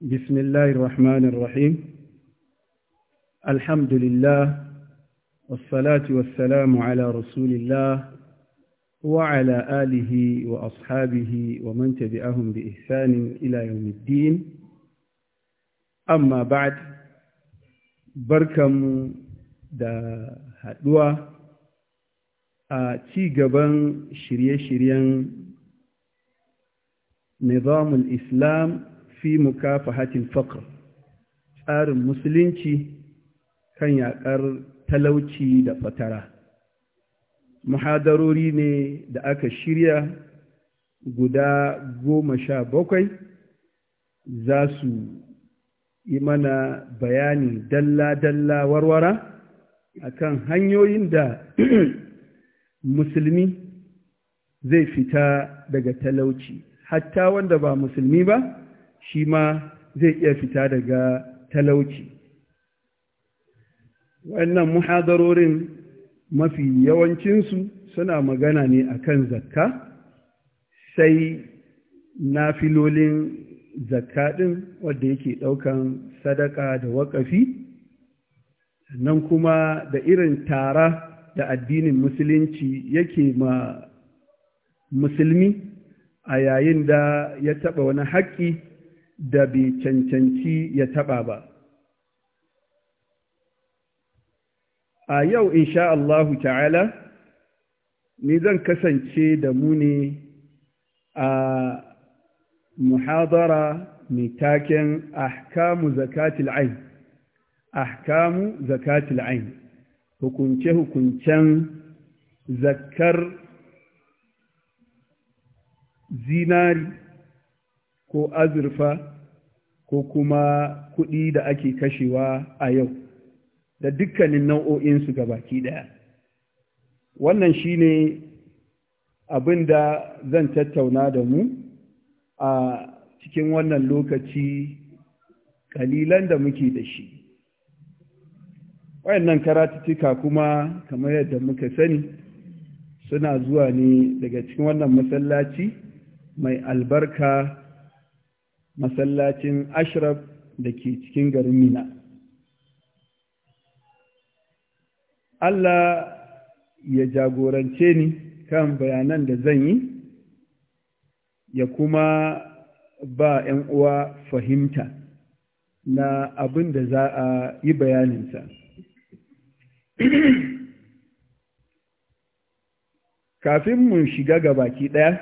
بسم الله الرحمن الرحيم الحمد لله والصلاة والسلام على رسول الله وعلى آله وأصحابه ومن تبعهم بإحسان إلى يوم الدين أما بعد بركم دا هدوة آه، تيجبا شريا شريا نظام الإسلام fi mukafahatil faqr tsarin musulunci kan yakar talauci da fatara muhadarori ne da aka shirya guda goma sha bakwai za su yi mana bayani dalla-dalla warwara akan hanyoyin da musulmi zai fita daga talauci hatta wanda ba musulmi ba shi ma zai iya fita daga talauci wannan muhadarorin mafi yawancinsu suna magana ne akan zakka sai na filolin zakka ɗin wadda yake ɗaukan sadaka da waƙafi sannan kuma da irin tara da addinin musulunci yake ma musulmi a yayin da ya taɓa wani haƙƙi da bi cancanci ya taɓa ba a yau insha Allahu ta'ala ni zan kasance da mu ne a muhadara mai taken ahkamu zakatil ain ahkamu zakatil ain hukunce-hukuncen zakar zinari ko azurfa ko kuma kuɗi da ake kashewa a yau da dukkanin nau'o'insu ga baki ɗaya wannan shi ne abin da zan tattauna da mu a cikin wannan lokaci ƙalilan da muke da shi wayannan karatuttuka kuma kamar yadda muka sani suna zuwa ne daga cikin wannan masallaci mai albarka masallacin ashraf da ke cikin garin mina Allah ya jagorance ni kan bayanan da zan yi ya kuma ba 'yan uwa fahimta na abin da za a yi bayaninsa. Kafin mu shiga gabaki ɗaya,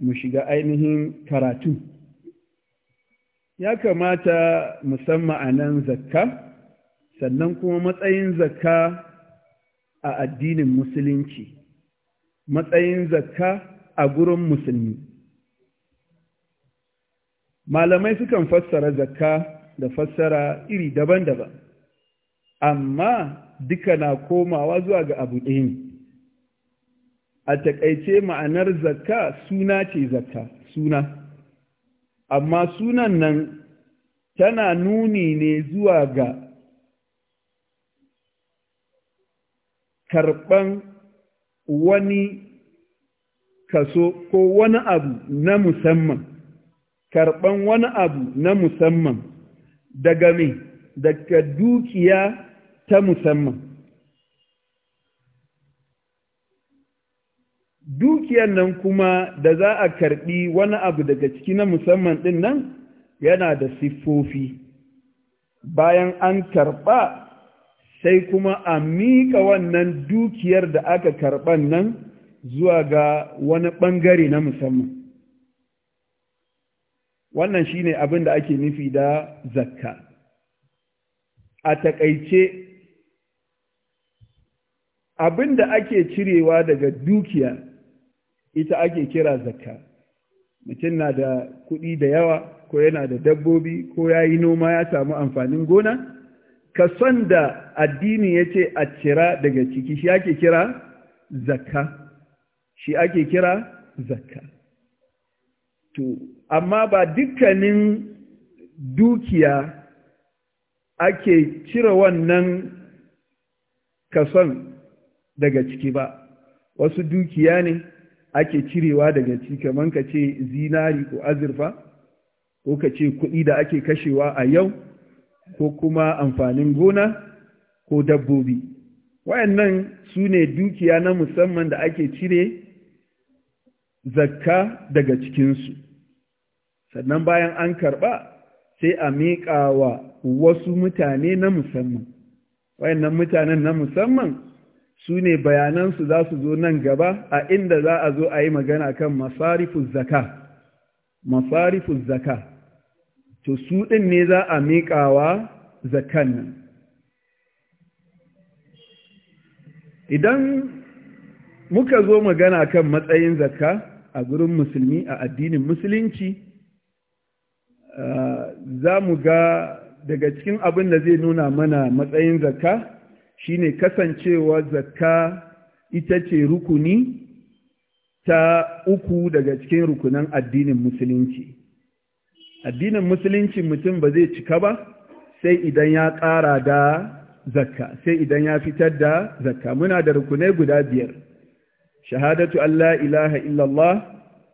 mu shiga ainihin karatu. ya kamata musamman a nan zakka sannan kuma matsayin zakka a addinin musulunci matsayin zakka a gurin musulmi malamai sukan fassara zakka da fassara iri daban-daban amma duka na komawa zuwa ga abu ɗaya a taƙaice ma'anar zakka suna ce zakka suna amma sunan nan tana nuni ne zuwa ga karɓan wani kaso ko wani abu na musamman karɓan wani abu na musamman daga me daga dukiya ta musamman dukiyar nan kuma da za a karbi wani abu daga ciki na musamman din nan yana da siffofi bayan an karba sai kuma a miƙa wannan dukiyar da aka karban nan zuwa ga wani ɓangare na musamman wannan shine abin da ake nufi da zakka a takaice abin da ake cirewa daga dukiya ita ake kira zakka mutum na da kuɗi da yawa ko yana da dabbobi ko ya yi noma ya samu amfanin gona Ka kason da addini ya ce a cira daga ciki shi ake kira zakka shi ake kira zakka to amma ba dukkanin dukiya ake cire wannan kason daga ciki ba wasu dukiya ne ake cirewa daga ci kamar ka ce zinari ko azurfa ko ka ce kuɗi da ake kashewa a yau ko kuma amfanin gona ko dabbobi wayannan su ne dukiya na musamman da ake cire zakka daga cikinsu sannan bayan an karɓa sai a miƙa wa wasu mutane na musamman wayannan mutanen na musamman su ne bayanansu za su zo nan gaba a inda za a zo a yi magana kan masarifus zaka masarifus zaka to su ɗin ne za a miƙawa zakan nan idan muka zo magana kan matsayin zakka a gurin musulmi a addinin musulunci eh, za mu ga daga cikin abin da zai nuna mana matsayin zakka shine kasancewa zakka ita ce rukuni ta uku daga cikin rukunan addinin musulunci addinin musulunci mutum ba zai cika ba sai idan ya ƙara da zakka sai idan ya fitar da zakka muna da rukunai guda biyar shahadatu Allah ilaha illallah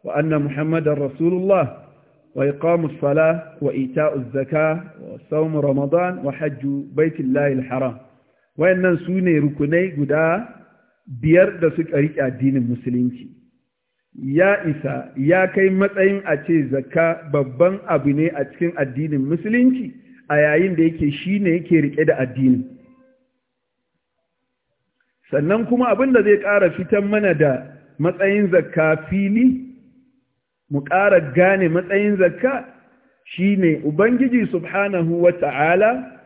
wa anna muhammadar rasulullah wa iqamus sala wa ita'uz zaka wa sawm ramadan wa hajju baitullahil haram wayannan su ne rukunai guda biyar da suka riƙe addinin musulunci ya isa ya kai matsayin a ce zakka babban abu ne a cikin addinin musulunci a yayin da yake shi ne yake riƙe da addini sannan kuma abin da zai ƙara fitan mana da matsayin zakka fili mu ƙara gane matsayin zakka shi ne ubangiji subhanahu wa ta'ala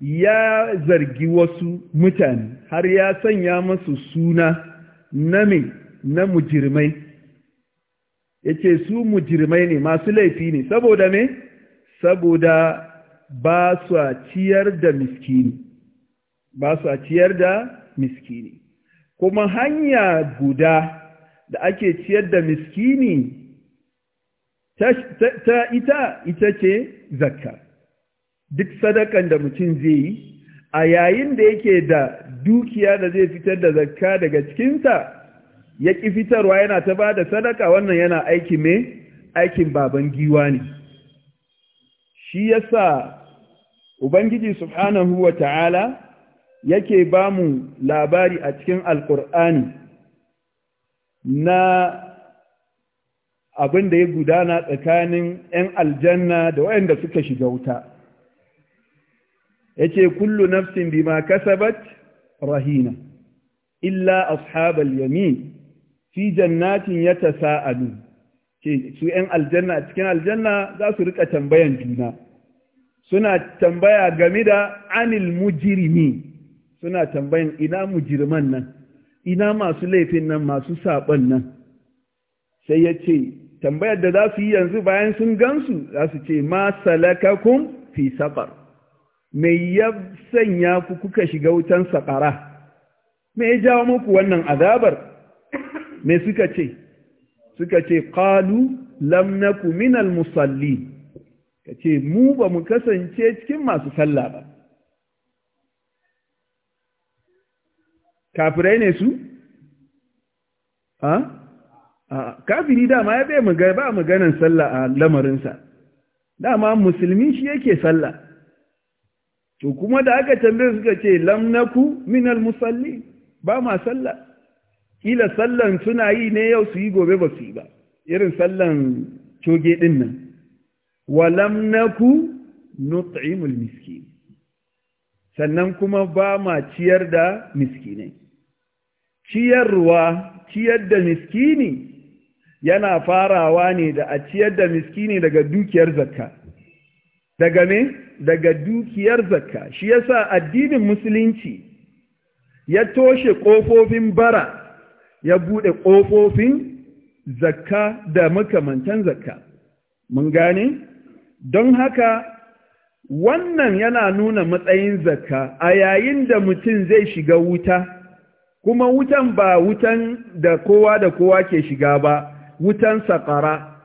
ya zargi wasu mutane har ya sanya masu suna na me na mujirmai Ya ce su mujirmai ne masu laifi ne saboda me saboda ba su ciyar da miskini ba su ciyar da miskini kuma hanya guda da ake ciyar da miskini ta ita ita ce zakka duk sadakan da mutum zai yi a yayin da yake da dukiya da zai fitar da zakka daga cikinsa ya ƙi fitarwa yana ta ba da sadaka wannan yana aiki mai aikin baban giwa ne shi ya sa ubangiji subhanahu wa ta'ala yake ba mu labari a cikin alƙur'ani na abin da ya gudana tsakanin 'yan aljanna da waɗanda suka shiga wuta yace kullu nafsin bima kasabat rahina illa ashabal yamin fi jannatin yatasaalu ce su yan aljanna cikin aljanna za su rika tambayan juna suna tambaya game da anil mujirimi suna tambayan ina mujirman nan ina masu laifin nan masu saɓon nan sai ya ce tambayar da za su yi yanzu bayan sun gansu za su ce ma salakakun fi saɓar. mai ya sanya ku kuka shiga wutan saƙara me ya jawo muku wannan azabar me suka ce suka ce qalu lam naku musalli. Ka kace mu ba mu kasance cikin masu sallah ba kafirai ne su a ah? Ah, kafiri dama ya bai ba maganan sallah a lamarinsa dama musulmi shi yake sallah to kuma da aka tambaye suka ce lam naku minal musalli ba ma sallah kila sallan suna yi ne yau su yi gobe ba su yi ba irin sallan coge din nan wa lam naku nut'imul miskin sannan kuma ba ma ciyar da miskinai ciyarwa ciyar da miskini yana farawa ne da a ciyar da miskini daga dukiyar zakka daga me daga dukiyar zakka shi yasa addinin musulunci ya toshe ƙofofin bara ya buɗe ƙofofin zakka da makamantan zakka mun gane don haka wannan yana nuna matsayin zakka a yayin da mutum zai shiga wuta kuma wutan ba wutan da kowa da kowa ke shiga ba wutan saƙara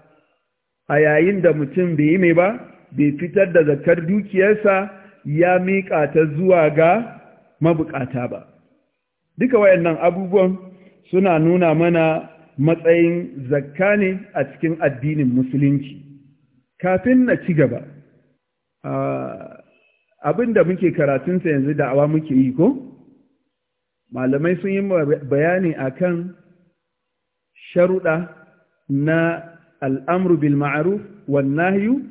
a yayin da mutum bai yi mai ba bai fitar da zakar dukiyarsa ya miƙa ta zuwa ga mabukata ba duka wayannan abubuwan suna nuna mana matsayin zakka ne a cikin addinin musulunci kafin na ci gaba abin da muke karatunsa yanzu da'awa muke yi ko malamai sun yi bayani akan sharuɗa na al'amru bil ma'aruf wan nahyu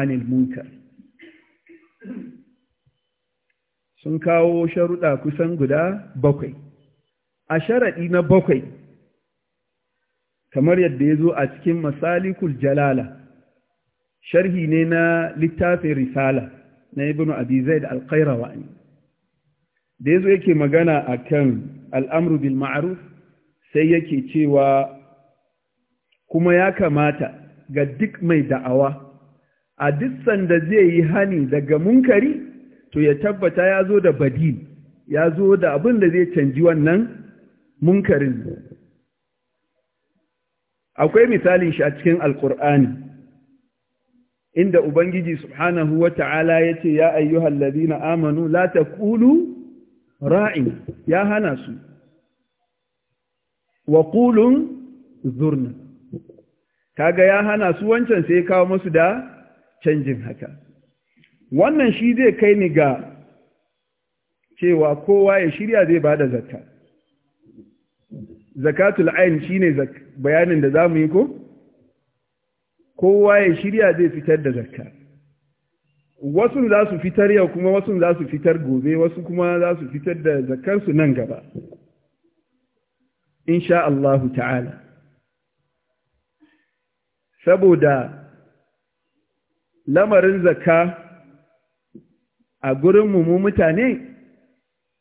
anil sun kawo sharuɗa kusan guda bakwai a sharaɗi na bakwai kamar yadda ya zo a cikin masalikul jalala sharhi ne na littafin risala na ibn abi zaid al wa ne da yazo yake magana kan al'amru bil Ma'aruf sai yake cewa kuma ya kamata ga duk mai da'awa a duk sanda zai yi hani daga munkari to ya tabbata ya zo da badil ya zo da abin da zai canji wannan munkarin akwai misalin shi a cikin alkur'ani inda ubangiji subhanahu wata'ala ya ce ya ayyuhal ladina amanu la taqulu ra'in ya hana su wa qulun zurna kaga ya hana su wancan sai ya kawo musu da canjin haka wannan shi zai kai ni ga cewa kowa ya shirya zai bada zakka zakatul ain shine bayanin da zamu yi ko kowa ya shirya zai fitar da zakka wasu za su fitar yau kuma wasu za su fitar gobe wasu kuma za su fitar da zakkansu nan gaba insha Allahu ta'ala saboda lamarin zakka a gurin mu mutane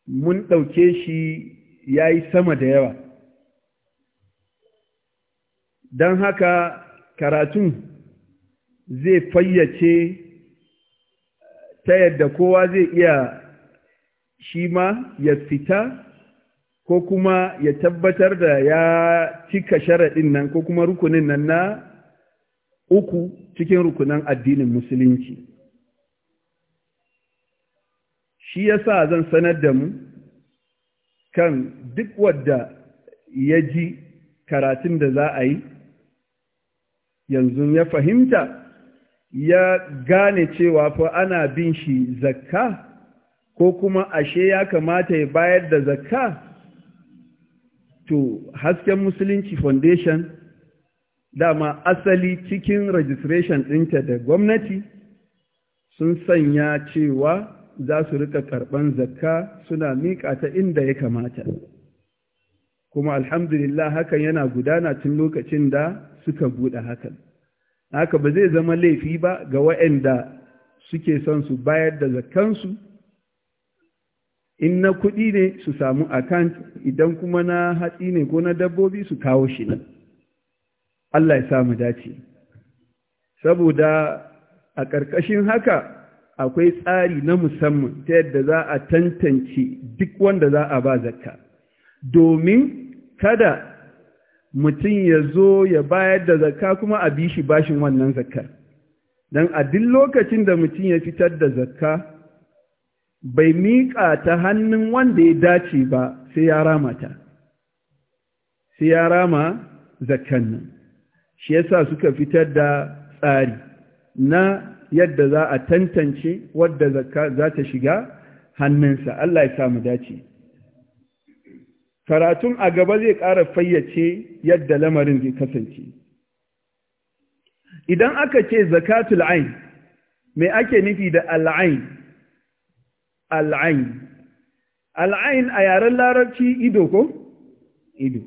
mun ɗauke shi ya yi sama da yawa don haka karatun zai fayyace ta yadda kowa zai iya shi ma ya fita ko kuma ya tabbatar da ya cika sharaɗin nan ko kuma rukunin nan na uku cikin rukunan addinin musulunci shi yasa zan sanar da mu kan duk wadda ya ji karatun da za a yi yanzu ya fahimta ya gane cewa fa ana bin shi zakka ko kuma ashe ya kamata ya bayar da zakka to hasken musulunci foundation dama asali cikin registration ɗinta da gwamnati sun sanya cewa za su rika karɓan zakka suna miƙa ta inda ya kamata kuma alhamdulillah hakan yana gudana tun lokacin da suka buɗe hakan haka ba zai zama laifi ba ga waɗanda suke son su bayar da zakkansu in na kuɗi ne su samu akant idan kuma na hatsi ne ko na dabbobi su kawo shi nan Allah ya samu dace saboda a ƙarƙashin haka akwai tsari na musamman ta yadda za a tantance duk wanda za a ba zakka domin kada mutum ya zo ya bayar da zakka kuma a bi shi bashin wannan zakkar don a duk lokacin da mutum ya fitar da zakka bai miƙa ta hannun wanda ya dace ba sai ya rama ta sai ya rama zakkan nan shi yasa suka fitar da tsari na yadda za a tantance wadda zakka za ta shiga hannunsa Allah ya samu dace karatun a gaba zai ƙara fayyace yadda lamarin zai kasance idan aka ce zakatul ain me ake nufi da al'ain al'ain al'ain a yaren larabci ido ko ido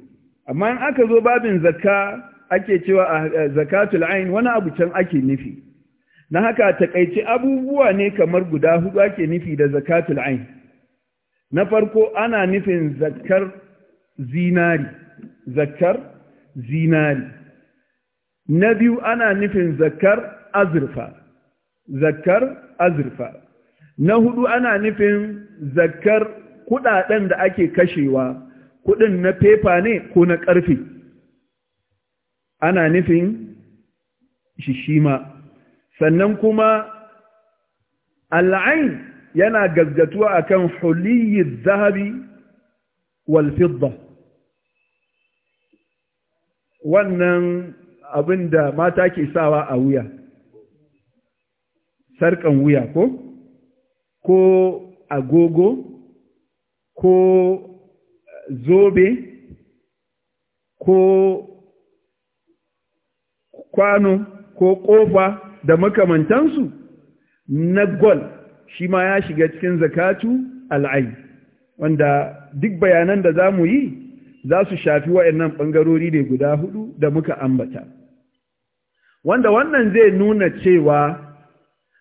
amma in aka zo babin zakka ake cewa a zakatul ain wani abu can ake nufi na haka takaici abubuwa ne kamar guda hudu ake nufi da zakatul ain na farko ana nufin zakar zinari zakar zinari na biyu ana nufin zakar azurfa zakar azurfa na hudu ana nufin zakar kudaden da ake kashewa kudin na fefa ne ko na karfe ana nufin shishima sannan kuma al'ain yana gaggatuwa akan huliyi zahabi wal fidda wannan abin da mata ke sawa a wuya sarkan wuya ko ko agogo ko zobe ko kwano ko ƙofa da makamantansu na gol shi ma ya shiga cikin zakatu al'ai wanda duk bayanan da za mu yi za su shafi waɗannan ɓangarori ne guda hudu da muka ambata wanda wannan zai nuna cewa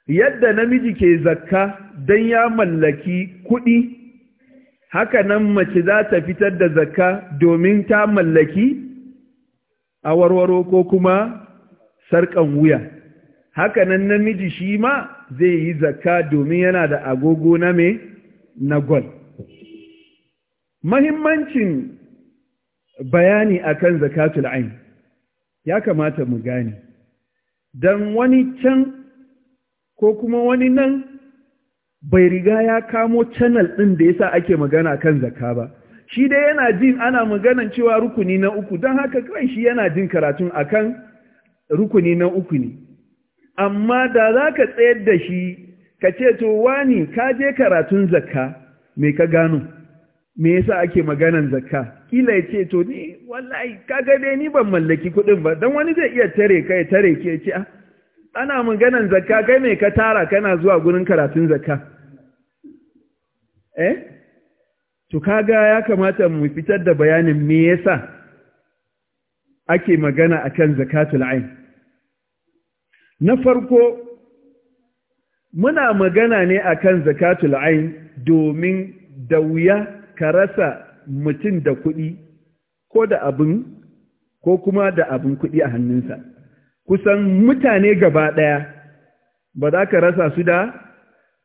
yadda namiji ke zakka don ya mallaki kuɗi haka nan mace za ta fitar da zakka domin ta mallaki a warwaro ko kuma sarƙan wuya haka nan namiji shi ma zai yi zakka domin yana da agogo na me na gol mahimmancin bayani akan zakatul ain ya kamata mu gane don wani can ko kuma wani nan bai riga ya kamo channel ɗin da yasa ake magana kan zakka ba shi dai yana jin ana maganan cewa rukuni na uku don haka kawai shi yana jin karatun akan rukuni na uku ne amma da za ka tsayar da shi ka ce to wani ka je karatun zakka me ka gano me yasa ake maganan zakka kila ya ce to ni wallahi kaga dai ni ban mallaki kuɗin ba don wani zai iya tare kai tare ke ce ah, ana maganan zakka kai me ka tara kana zuwa gurin karatun zakka eh to kaga ya kamata mu fitar da bayanin me yasa ake magana akan zakatul ain na farko muna magana ne akan zakatul ain domin da wuya ka rasa mutum da kuɗi ko da abin ko kuma da abin kuɗi a hannunsa kusan mutane gaba ɗaya ba za ka rasa su da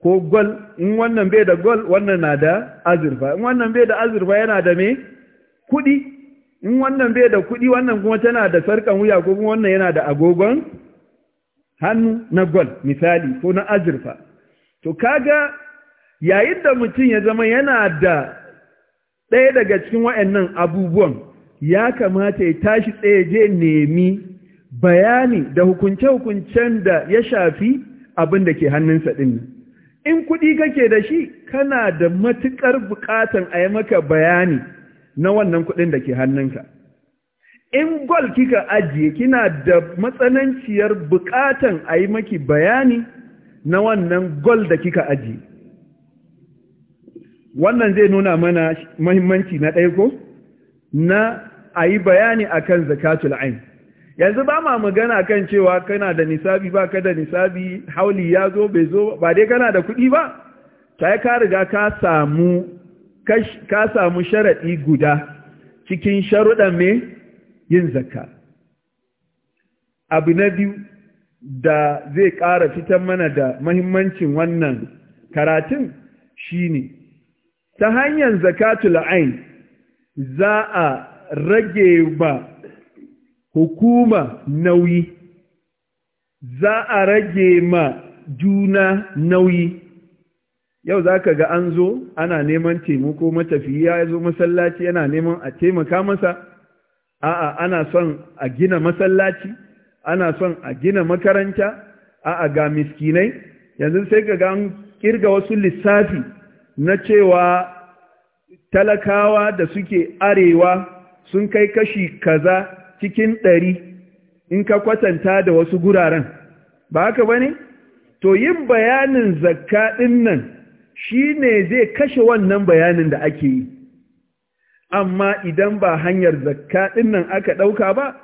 ko gol in wannan bai da gol wannan na da azurfa in wannan bai da azurfa yana da me kuɗi in wannan bai da kuɗi wannan kuma tana da sarkan wuya ko kuma wannan yana da agogon hannu na gol misali ko na azurfa to kaga yayin da mutum ya zama yana da ɗaya daga cikin wa'annan abubuwan ya kamata ya tashi tsaye je nemi bayani da hukunce-hukuncen da ya shafi abin da ke hannunsa ɗin in kuɗi kake da shi kana da matuƙar buƙatan a yi maka bayani na wannan kuɗin da ke hannunka in gol kika ajiye kina da matsananciyar bukatan a yi maki bayani na wannan gol da kika ajiye wannan zai nuna mana mahimmanci na ɗaya ko na a yi bayani a kan zakatul ain yanzu ba ma magana kan cewa kana da nisabi ba ka da nisabi hauli ya zo bai zo ba dai kana da kuɗi ba ta ka riga ka samu ka samu sharaɗi guda cikin sharuɗan mai yin zaka. abu na biyu da zai ƙara fitan mana da mahimmancin wannan karatun shi ne. ta hanyar zakatul ain za a rage ba hukuma nauyi za a rage ma juna nauyi yau za ka ga an zo ana neman taimako matafiya ya zo masallaci yana neman a taimaka masa a'a ana son a gina masallaci ana son a gina makaranta a'a ga miskinai yanzu sai ka ga an kirga wasu lissafi na cewa talakawa da suke arewa sun kai kashi kaza cikin ɗari in ka kwatanta da wasu guraren ba haka ba ne? to yin bayanin zakka ɗin nan shi ne zai kashe wannan bayanin da ake yi amma idan ba hanyar zakka ɗin nan aka ɗauka ba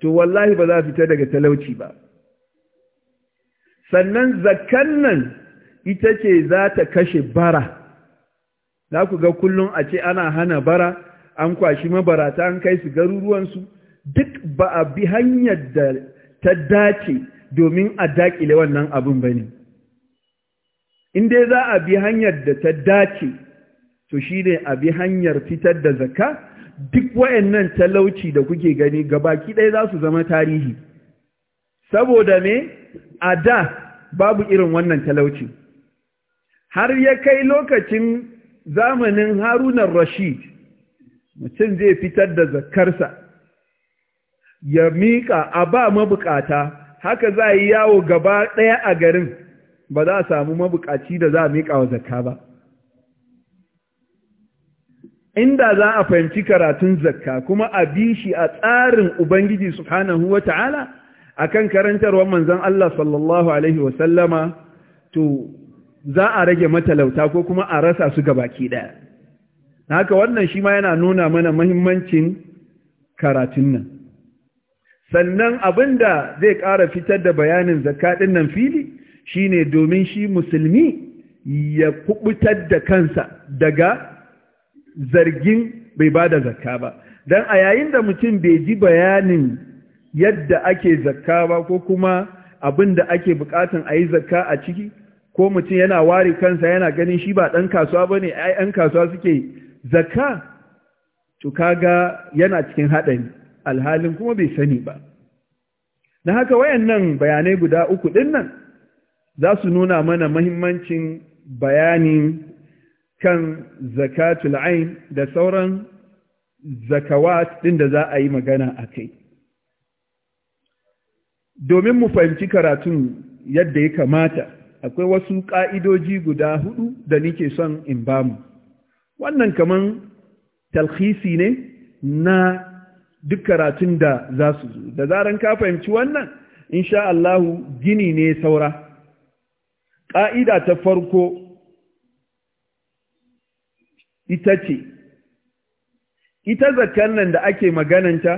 to wallahi ba za a fita daga talauci ba sannan zakkan nan ita ce za ta kashe bara za ku ga kullum a ce ana hana bara an kwashi mabarata an kai su garuruwansu duk ba a bi hanyar da ta dace domin a daƙile wannan abin ba ne in dai za a bi hanyar da ta dace to shi ne a bi hanyar fitar da zaka duk wayannan talauci da kuke gani gabaki ɗaya za su zama tarihi saboda me a da babu irin wannan talauci har ya kai lokacin zamanin harunan rashid mutum zai fitar da zakarsa ya miƙa a ba mabukata haka za yi yawo gaba ɗaya a garin ba za a samu mabukaci da za a miƙa wa zakka ba inda za a fahimci karatun zakka kuma a bi shi a tsarin ubangiji subhanahu wa ta'ala a kan karantarwar manzan Allah sallallahu alaihi wasallama to za a rage matalauta ko kuma a rasa su gabaki ɗaya haka wannan shi ma yana nuna mana mahimmancin karatun nan sannan abin da zai ƙara fitar da bayanin zakka ɗin nan fili Shi ne domin shi musulmi ya kubutar da kansa daga zargin bai ba da zakka ba don a yayin da mutum bai ji bayanin yadda ake zakka ba ko kuma abin da ake bukatan a yi zakka a ciki ko mutum yana ware kansa yana ganin shi ba ɗan kasuwa ba ne ‘yan kasuwa suke zakka to kaga yana cikin haɗari alhalin kuma bai sani ba na haka wayannan bayanai guda uku ɗin nan za su nuna mana mahimmancin bayanin kan zakatul ain da sauran zakawat din da za a yi magana a kai domin mu fahimci karatun yadda ya kamata akwai wasu ƙa'idoji guda hudu da nike son in ba mu. wannan kaman talhisi ne na duk karatun da za su zo da zaran ka fahimci wannan insha Allahu gini ne saura ƙa'ida ta farko ita ce, ita zakan nan da ake magananta,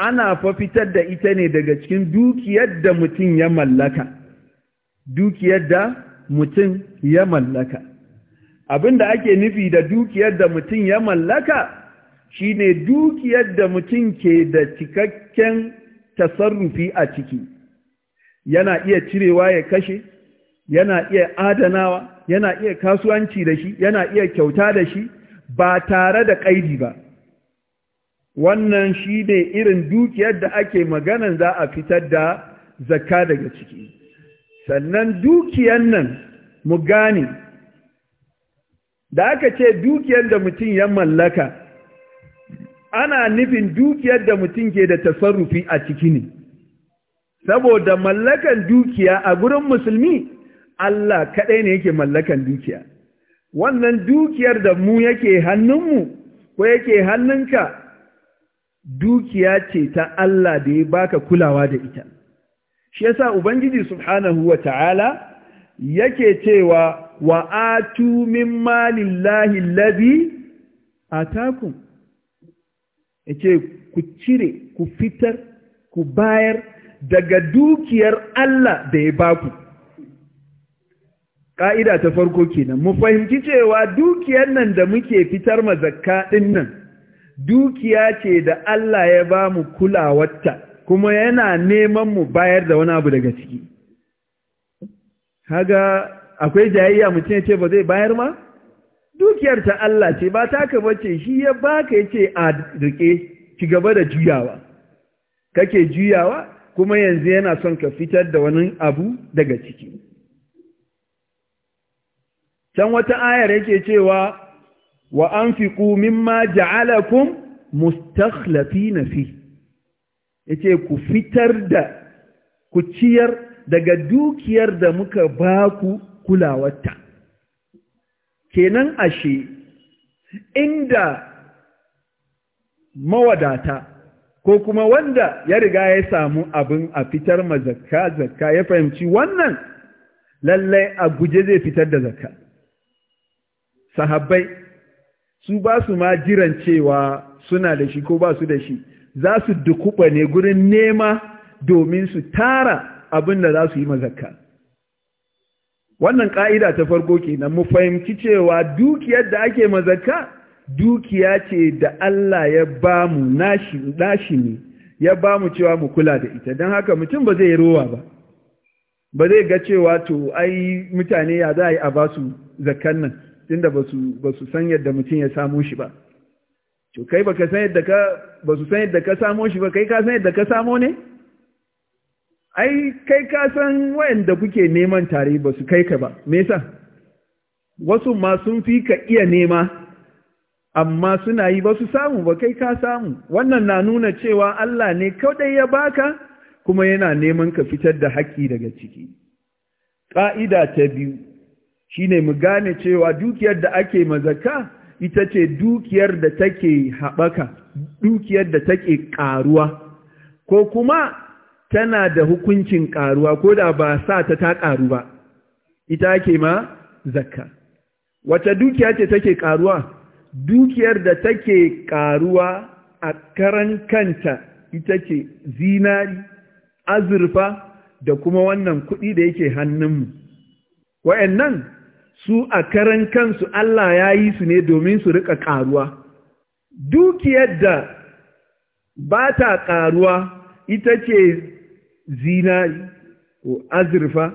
ana fafitar da ita ne daga cikin dukiyar da mutum ya mallaka, dukiyar da mutum ya mallaka. Abin da ake nufi da dukiyar da mutum ya mallaka shi ne dukiyar da mutum ke da cikakken tasarrufi a ciki, yana iya cirewa ya kashe, yana iya adanawa yana iya kasuwanci da shi yana iya kyauta da shi ba tare da ƙa'idi ba wannan shi ne irin dukiyar da ake maganan za a fitar da zakka daga ciki sannan dukiyar nan mu gane da aka ce dukiyar da mutum ya mallaka ana nufin dukiyar da mutum ke da tasarrufi a ciki ne saboda mallakan dukiya a gurin musulmi Allah kaɗai ne yake mallakan dukiya wannan dukiyar da mu yake hannunmu ko yake hannunka dukiya ce ta Allah da ya baka kulawa da ita shi yasa ubangiji subhanahu wa ta'ala yake cewa wa atu min malillahi a takun, yake ku cire ku fitar ku bayar daga dukiyar Allah da ya baku ƙa'ida ta farko kenan mu fahimci cewa dukiyar nan da muke fitar ma zakka ɗin nan dukiya ce da Allah ya ba mu kulawarta kuma yana neman mu bayar da wani abu daga ciki haga akwai jayayya mutum ya ce ba zai bayar ma dukiyar ta Allah ce ba taka bace shi ya baka yace a rike ci gaba da juyawa kake juyawa kuma yanzu yana son ka fitar da wani abu daga ciki can wata ayar yake cewa wa anfiqu mimma ja'alakum na fi yace ku fitar da ku ciyar daga dukiyar da muka ba ku kulawarta kenan ashe inda mawadata ko kuma wanda ya riga ya samu abin a fitar ma zakka ya fahimci wannan lallai a guje zai fitar da zakka sahabbai su ba su ma jiran cewa suna da shi ko ba su da shi za su dukuba ne gurin nema domin su tara abin da za su yi mazakka wannan ƙa'ida ta farko kenan mu fahimci cewa dukiyar da ake mazakka dukiya ce da Allah ya ba mu nashi ne ya ba mu cewa mu kula da ita don haka mutum ba zai rowa ba ba zai ga cewa to ai mutane ya za a yi a ba su zakkan nan tunda ba su san yadda mutum ya samo shi ba to kai baka san yadda ka ba su san yadda ka samo shi ba kai ka san yadda ka samo ne ai kai ka san wayanda kuke neman tare ba su kai ka ba me sa? wasu ma sun fi ka iya nema amma suna yi ba su samu ba kai ka samu wannan na nuna cewa Allah ne kaudai ya baka kuma yana neman ka fitar da haƙƙi daga ciki ƙa'ida ta biyu Shi ne mu gane cewa dukiyar da ake mazaka ita ce dukiyar da take haɓaka dukiyar da take ƙaruwa ko kuma tana da hukuncin ƙaruwa ko da ba sa ta ta ƙaru ba ita ake ma zakka wata dukiya ce take ƙaruwa dukiyar da take ƙaruwa a karan kanta ita ce zinari azurfa da kuma wannan kuɗi da yake hannunmu wa'annan su a karan kansu Allah ya yi su ne domin su riƙa ƙaruwa. Dukiyar da ba ta ƙaruwa ita ce zinari ko azurfa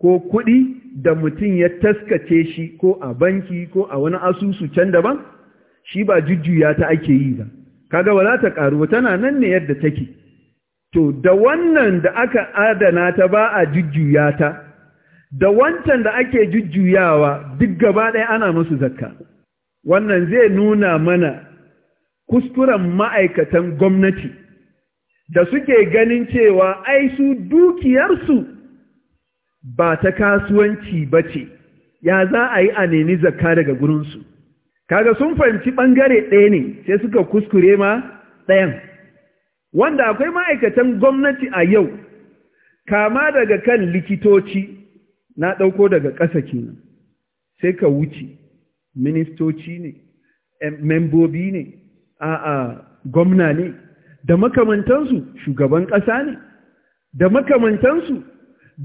ko kuɗi da mutum ya taskace shi ko a banki ko a wani asusu can daban, shi ba jujjuya ta ake yi ba. Kaga ba za ta ƙaruwa tana nan ne yadda take. To, da wannan da aka adana ta ba a jujjuya ta. da wancan da ake jujjuyawa duk gaba ɗaya ana musu zakka wannan zai nuna mana kuskuren ma'aikatan gwamnati da suke ganin cewa ai su dukiyarsu ba ta kasuwanci ba ce ya za a yi a nemi zakka daga gurinsu kaga sun fahimci ɓangare ɗaya ne sai suka kuskure ma ɗayan wanda akwai ma'aikatan gwamnati a yau kama daga kan likitoci na ɗauko daga ƙasa kenan sai ka wuce ministoci ne membobi ne a'a gwamna ne da makamantansu shugaban ƙasa ne da makamantansu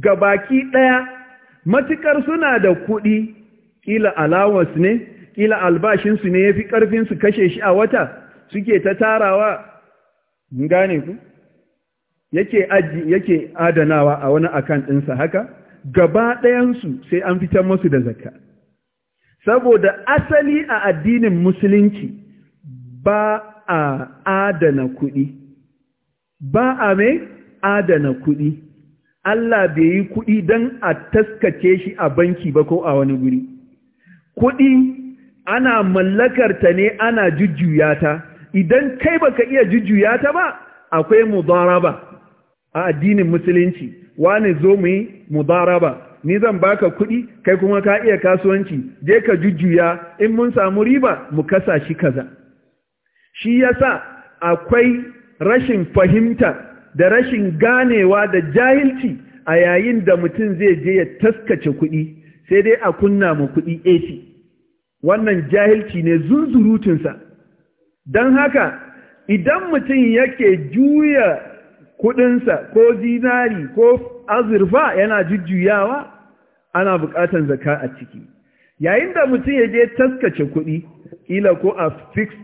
ga baki ɗaya matuƙar suna da kuɗi ƙila allowance ne ƙila albashinsu ne ya fi ƙarfinsu kashe shi a wata suke ta tarawa gane ku yake adanawa a wani akan ɗinsa haka gaba ɗayansu sai an fitar musu da zakka saboda asali a addinin musulunci ba a adana kuɗi ba a mai adana kuɗi Allah bai yi kuɗi don a taskace shi a banki ba ko a wani guri kuɗi ana mallakarta ne ana jujjuyata. idan kai baka iya jujjuya ta ba akwai mudaraba a addinin musulunci wani zo mu yi mudaraba ni zan baka kuɗi kai kuma ka iya kasuwanci je ka jujjuya in mun samu riba mu kasa shi kaza shi yasa akwai rashin fahimta da rashin ganewa da jahilci a yayin da mutum zai je ya taskace kuɗi sai dai a kunna mu kuɗi AC wannan jahilci ne zunzurutunsa don haka idan mutum yake juya kudinsa ko zinari ko azurfa yana jujjuyawa ana buƙatar zaka a ciki yayin da mutum ya je taskace kuɗi ila ko a fixed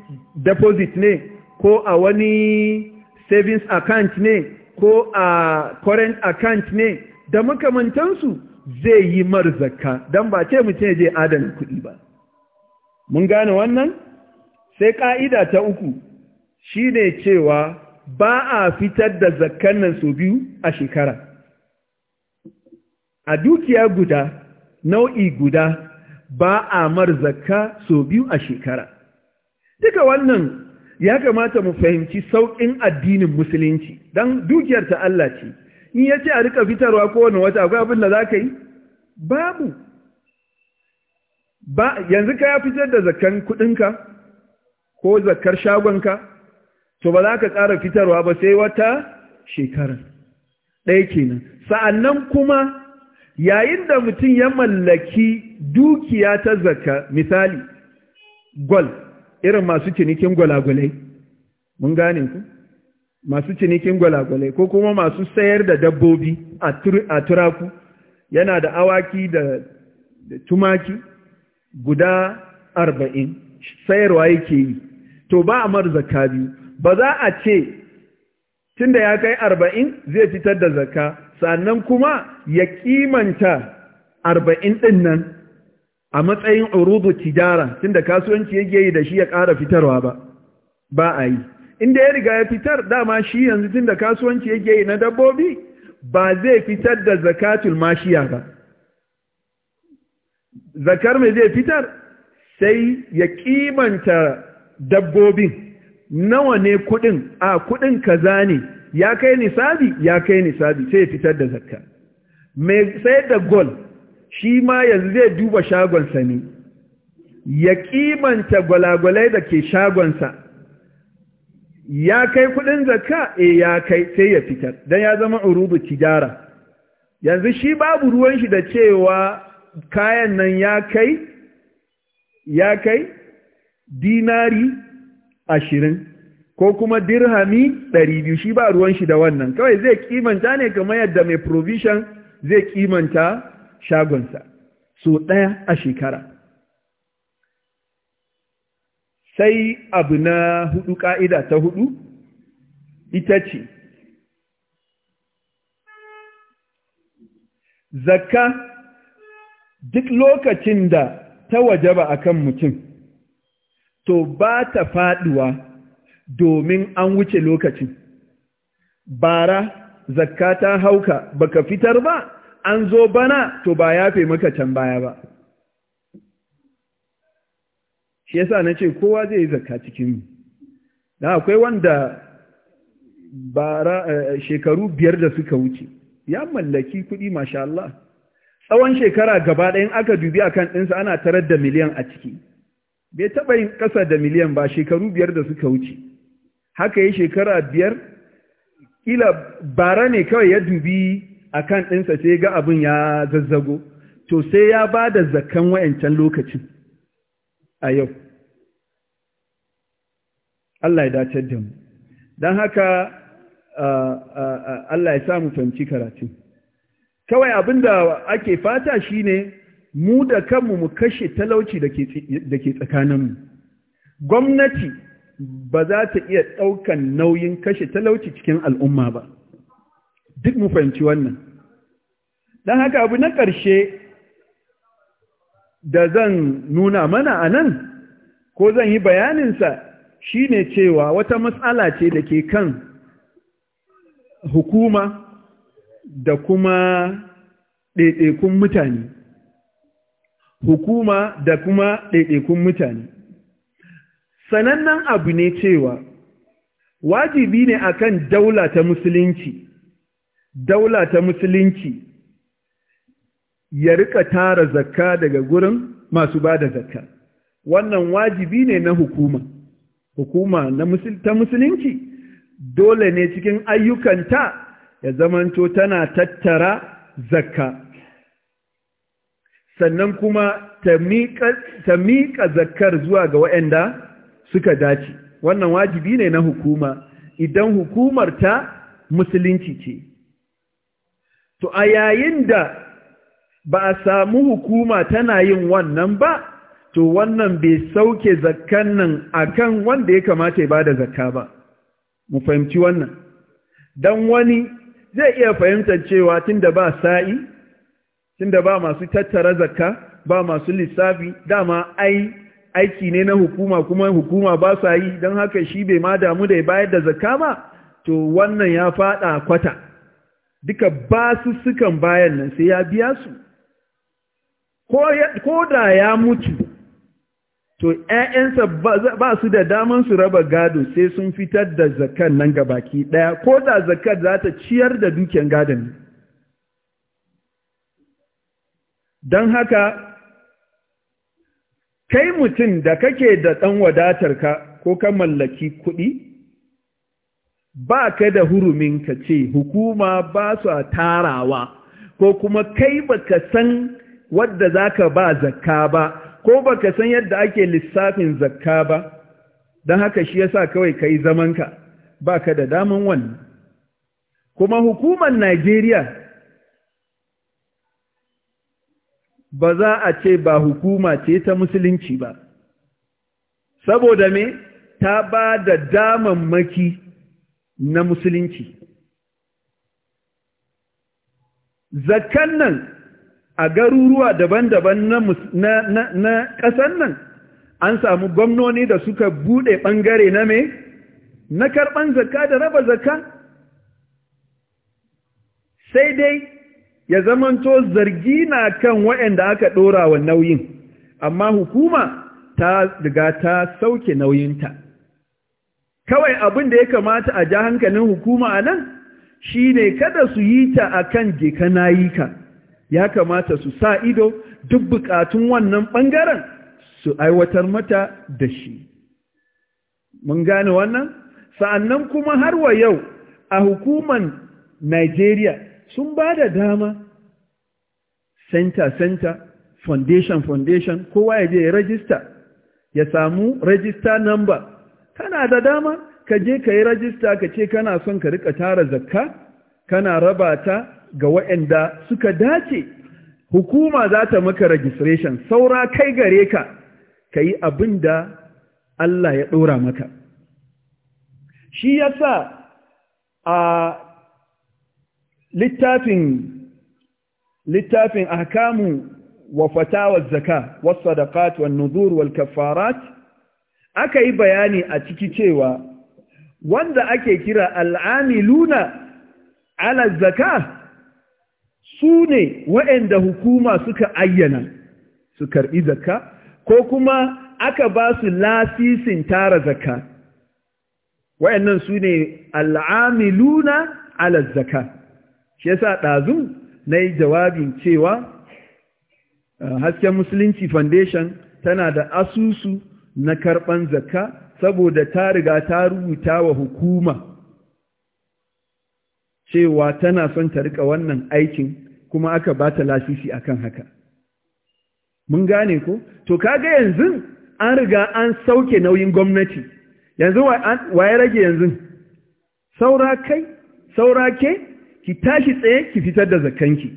deposit ne ko a wani savings account ne ko a current account ne da makamantansu zai yi mar zakka don ba ce mutum ya je adana kuɗi ba mun gane wannan sai ƙa'ida ta uku shi ne cewa ba a fitar da zakkan nan sau biyu a shekara a dukiya guda nau'i guda ba a mar zakka sau biyu a shekara duka wannan ya kamata mu fahimci sauƙin addinin musulunci don dukiyar ta Allah ce in ya ce a rika fitarwa kowane wata akwai abin da za ka yi babu ba yanzu ka ya fitar da zakkan kuɗinka ko zakkar shagonka to ba za ka ƙara fitarwa ba sai wata shekara ɗaya kenan sa'annan kuma yayin da mutum ya mallaki dukiya ta zaka misali gol irin masu cinikin gwalagwalai mun gane ku masu cinikin gwalagwalai ko kuma masu sayar da dabbobi a turaku yana da awaki da tumaki guda arba'in sayarwa yake yi to ba a mar zaka biyu ba za a ce tunda ya kai arba'in zai fitar da zakka sannan kuma ya kimanta arba'in ɗin nan a matsayin urudu tijara tunda kasuwanci yake yi da shi ya ƙara fitarwa ba ba a yi inda ya riga ya fitar dama shi yanzu tunda kasuwanci yake yi na dabbobi ba zai fitar da zakatul mashiya ba zakar mai zai fitar sai ya kimanta dabbobin nawa ne kudin a kudin kaza ne ya kai nisabi ya kai nisabi sai ya fitar da zakka mai sayar da gol shi ma yanzu zai duba shagonsa ne ya kimanta gwalagwalai da ke shagonsa ya kai kuɗin zakka e ya kai sai ya fitar don ya zama urubu tijara yanzu shi babu ruwan shi da cewa kayan nan ya kai ya kai dinari ashirin ko kuma dirhami ɗari biyu shi ba ruwan shi da wannan kawai zai kimanta ne kamar yadda mai provision zai kimanta shagonsa so ɗaya a shekara sai abu na hudu ƙa'ida ta hudu ita ce zakka duk lokacin da ta wajaba akan mutum to ba ta faɗuwa domin an wuce lokacin. Bara, zakka ta hauka, baka fitar ba, an zo bana, to ba yafe maka can baya ba. Shi yasa na ce kowa zai yi zakka cikin na akwai wanda bara eh, shekaru biyar da suka wuce, ya mallaki kuɗi masha Allah. Tsawon shekara gaba ɗayan aka dubi akan ɗinsa ana tarar da miliyan a ciki. bai taɓa yin ƙasa da miliyan ba shekaru biyar da suka wuce haka ya shekara biyar ƙila bara ne kawai ya dubi a kan ɗinsa sai ga abin ya zazzago to sai ya ba da zakan wayancan lokacin a yau Allah ya dace da mu don haka Allah ya samu fahimci karatu kawai abin da ake fata shine mu da kanmu mu kashe talauci da ke tsakaninmu gwamnati ba za ta iya ɗaukan nauyin kashe talauci cikin al'umma ba duk mu fahimci wannan don haka abu na ƙarshe da zan nuna mana a nan ko zan yi bayaninsa shi ne cewa wata matsala ce da ke kan hukuma da kuma ɗaiɗaikun mutane hukuma da kuma ɗaiɗaikun mutane sanannen abu ne cewa wajibi ne akan daula ta musulunci daula ta musulunci ya rika tara zakka daga gurin masu ba da zakka wannan wajibi ne na hukuma hukuma na musul, ta musulunci dole ne cikin ayyukanta ya zamanto tana tattara zakka sannan kuma ta miƙa zakar zuwa ga waɗanda suka dace wannan wajibi ne na hukuma idan hukumar ta musulunci ce to a yayin da ba a samu hukuma tana yin wannan ba to wannan bai sauke zakkan nan akan wanda ya kamata ya da zakka ba mu fahimci wannan dan wani zai iya fahimtar cewa tun da ba sa'i tunda ba masu tattara zakka ba masu lissafi dama ai aiki ne na hukuma kuma hukuma ba sa yi don haka shi bai ma damu da ya bayar da zakka ba to wannan ya fada kwata duka ba su sukan bayan nan sai ya biya su ko da ya mutu to ‘ya'yansa ba su da daman su raba gado sai sun fitar da zakkan nan gabaki ɗaya ko da zakkan za ta ciyar da dukiyar gadon don haka kai mutum da kake da ɗan wadatarka ko ka mallaki kuɗi ba ka da hurumin ka ce hukuma ba su tarawa ko kuma kai baka san wadda zaka ba zakka ba ko baka san yadda ake lissafin zakka ba don haka shi yasa kawai kai zamanka ba ka da daman wannan kuma hukumar Najeriya ba za a ce ba hukuma ce ta musulunci ba saboda me ta ba da damammaki na musulunci zakan nan a garuruwa daban-daban na ƙasan nan an samu gwamnoni da suka buɗe ɓangare na me na karɓan zaka da raba zaka. sai dai ya zamanto zargi na kan waɗanda aka ɗora wa nauyin amma hukuma ta riga ta sauke nauyinta kawai abin da ya kamata a ja hankalin hukuma a nan shi ne kada su yi ta a kan jeka nayika ya kamata su sa ido duk bukatun wannan ɓangaren su aiwatar mata da shi mun gane wannan sa'annan kuma har wa yau a hukuman Najeriya sun ba da dama center-center foundation-foundation kowa ya je ya rajista ya samu rajista number kana da dama ka je ka yi rajista ka ce kana son ka rika tara zakka kana raba ta ga waɗanda suka dace hukuma za ta maka registration saura kai gare ka ka yi abin da Allah ya ɗora maka shi ya sa a littafin littafin ahkamu wa fatawa zaka wasu sadaqat wan nuzur wal kafarat aka yi bayani a ciki cewa wanda ake kira al'amiluna ala zaka su ne waɗanda hukuma suka ayyana su karɓi zakka ko kuma aka ba su lasisin tara zakka waɗannan su ne al'amiluna ala zaka shi yasa ɗazun na yi jawabin cewa eh, hasken musulunci foundation tana da asusu na karɓan zakka saboda ta riga ta rubuta wa hukuma cewa tana son ta rika wannan aikin kuma aka ba ta lasisi akan haka mun gane ko to kaga yanzu an riga an sauke nauyin gwamnati yanzu waye rage yanzu saura kai saura ke ki tashi tsaye ki fitar da zakanki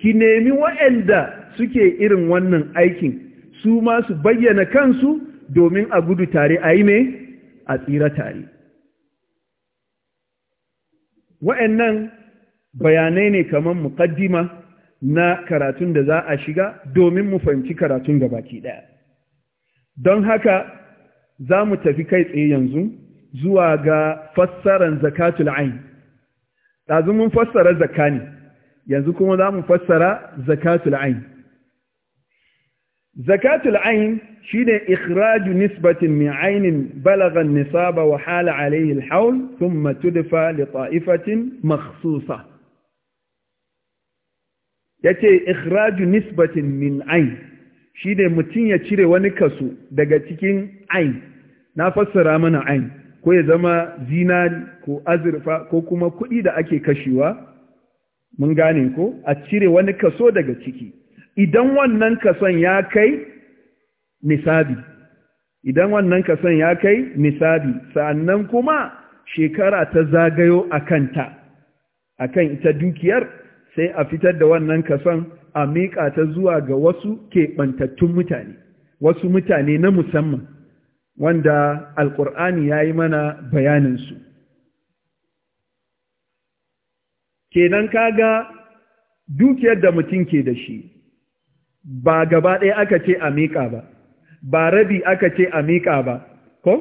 ki nemi waɗanda suke irin wannan aikin su ma su bayyana kansu domin a gudu tare a yi mai a tsira tare Wa'annan bayanai ne kamar mukaddima na karatun da za a shiga domin mu fahimci karatun gabaki ɗaya don haka za mu tafi kai tsaye yanzu zuwa ga fassaran zakatul ain ɗazu mun fassara zakani ne yanzu kuma za mu fassara zakatul ain zakatul ain ne ikhraju nisbatin min ainin balagan nisaba wa hala alayhi al sun matu tudfa li ta'ifatin Ya yace ikhraju nisbatin min ain ne mutum ya cire wani kasu daga cikin ain na fassara mana ain ko ya zama zinari ko azurfa ko kuma kuɗi da ake kashewa mun gane ko a cire wani kaso daga ciki idan wannan kason ya kai nisabi idan wannan kason ya kai nisabi Sannan kuma shekara ta zagayo a kanta akan ita dukiyar sai a fitar da wannan kason a miƙa ta zuwa ga wasu keɓantattun mutane wasu mutane na musamman wanda alƙur'ani ya yi mana bayaninsu kenan kaga dukiyar da mutum ke da shi ba gaba ɗaya aka ce a miƙa ba ba rabi aka ce a miƙa ba ko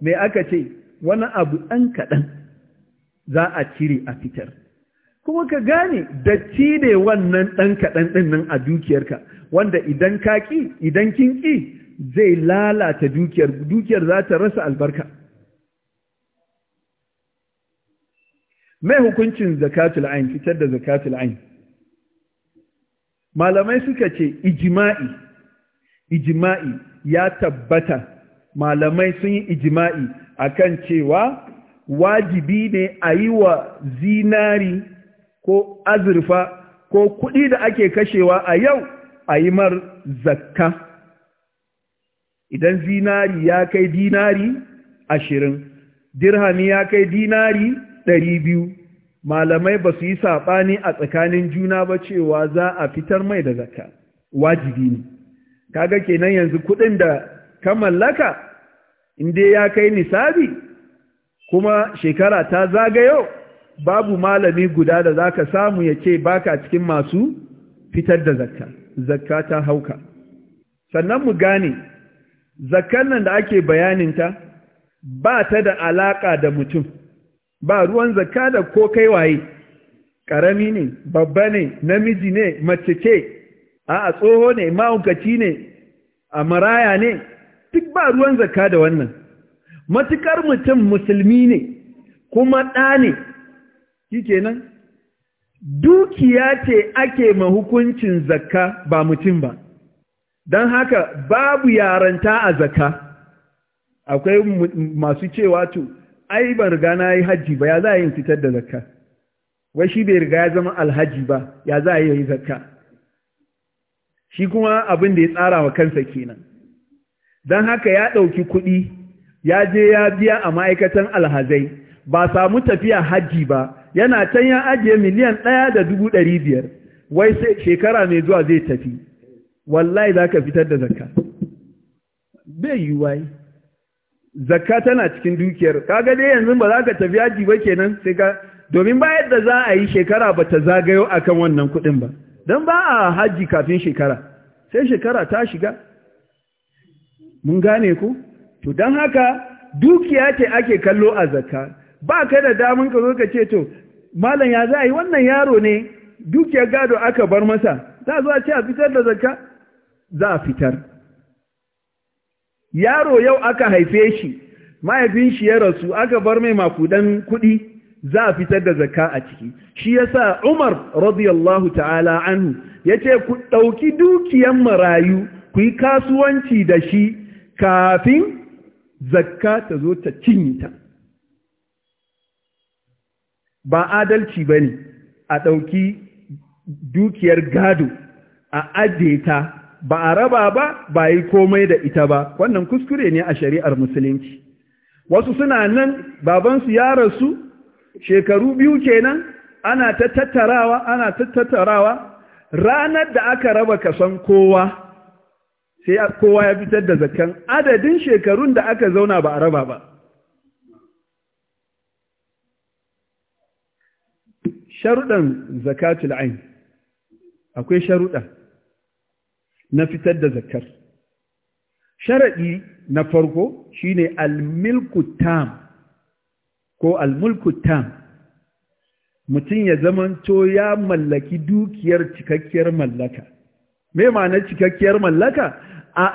me aka ce wani abu ɗan kaɗan za a cire a fitar kuma ka gane datti ne wannan ɗan kaɗan ɗin a dukiyarka wanda idan ka ƙi idan kin ƙi zai lalata dukiyar dukiyar za ta rasa albarka mai hukuncin zakatul ain fitar da zakatul ain malamai suka ce ijima'i ijima'i ya tabbata malamai sun yi ijima'i akan cewa wajibi ne a yi wa zinari ko azurfa ko kuɗi da ake kashewa a yau a yi mar zakka idan zinari ya kai dinari ashirin dirhami ya kai dinari ɗari biyu malamai ba su yi saɓani a tsakanin juna ba cewa za a fitar mai da zakka wajibi ne kaga kenan yanzu kuɗin da ka mallaka inda ya kai nisabi kuma shekara ta zagayo babu malami guda da za ka samu ya ce baka cikin masu fitar da zakka zakka ta hauka sannan mu gane zakkan nan da ake bayaninta ba ta da alaƙa da mutum ba ruwan zakka da ko kai waye ƙarami ne babba ne namiji ne mace ce a tsoho ne ma'aukaci ne a maraya ne duk ba ruwan zakka da wannan matukar mutum musulmi ne kuma ɗa ne kenan dukiya ce ake mahukuncin zakka ba mutum ba don haka babu yaranta a zaka akwai masu cewa to ai ban riga na yi hajji ba ya za a yi fitar da zaka? wai shi bai riga ya zama alhaji ba ya za a yi zaka? shi kuma abin da ya tsara wa kansa kenan don haka ya ɗauki kuɗi ya je ya biya a ma'aikatan alhazai ba samu tafiya hajji ba yana can ya ajiye miliyan ɗaya da dubu ɗari biyar wai shekara mai zuwa zai tafi wallahi za ka fitar da zakka bai yi wai zakka tana cikin dukiyar kaga dai yanzu ba za ka tafi yaji ba kenan sai ka domin ba yadda za a yi shekara ba ta zagayo akan wannan kuɗin ba don ba a haji kafin shekara sai shekara ta shiga mun gane ku to don haka dukiya ce ake kallo a zakka ba ka da damun ka zo ka ce to malam ya za yi wannan yaro ne dukiyar gado aka bar masa za zo a ce a fitar da zakka za a fitar yaro yau aka haife shi mahaifin shi ya rasu aka bar mai makudan kuɗi za a fitar da zaka a ciki shi ya sa Umar radiyallahu ta'ala ya ce ku ɗauki dukiyan marayu ku yi kasuwanci da shi kafin zaka ta zo ta cinye ba adalci bane a ɗauki dukiyar gado a ajiye ta ba a raba ba ba yi komai da ita ba wannan kuskure ne a shari'ar musulunci wasu suna nan babansu ya rasu shekaru biyu kenan ana ta tattarawa ana ta tattarawa ranar da aka raba kason kowa sai kowa ya fitar da zakan adadin shekarun da aka zauna ba a raba ba sharuɗan zakatul ain akwai sharuɗan na fitar da zakar sharaɗi na farko shine almilku tam ko almulku tam mutum ya zamanto ya mallaki dukiyar cikakkiyar mallaka me ma'ana cikakkiyar mallaka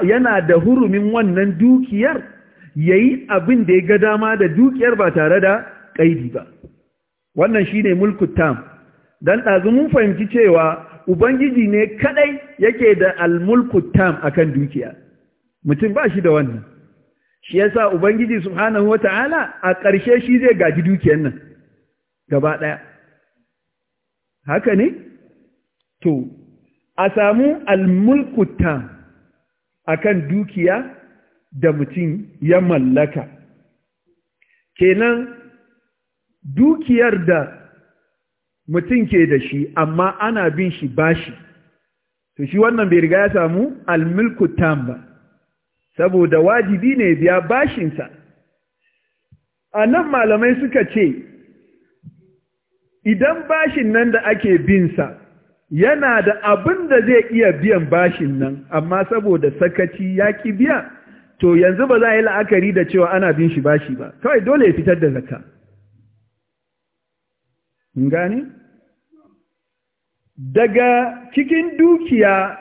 yana da hurumin wannan dukiyar yayi abin da ya ga dama da dukiyar ba tare da ƙa'idi ba wannan shine mulku tam dan ɗazu mun fahimci cewa ubangiji ne kaɗai yake da almulku tam kan dukiya mutum ba shi da wannan shi yasa ubangiji subhanahu wata'ala a ƙarshe shi zai gaji dukiyar nan gaba ɗaya haka ne to a samu almulku tam kan dukiya da mutum ya mallaka kenan dukiyar da mutum ke da shi amma ana bin shi bashi to shi wannan bai riga ya samu almilku ba saboda wajibi ne biya bashinsa a nan malamai suka ce idan bashin nan da ake bin sa yana da abin da zai iya biyan bashin nan amma saboda sakaci ya ki biya to yanzu ba za a yi la'akari da cewa ana bin shi bashi ba kawai dole ya fitar da zakka gane? daga cikin dukiya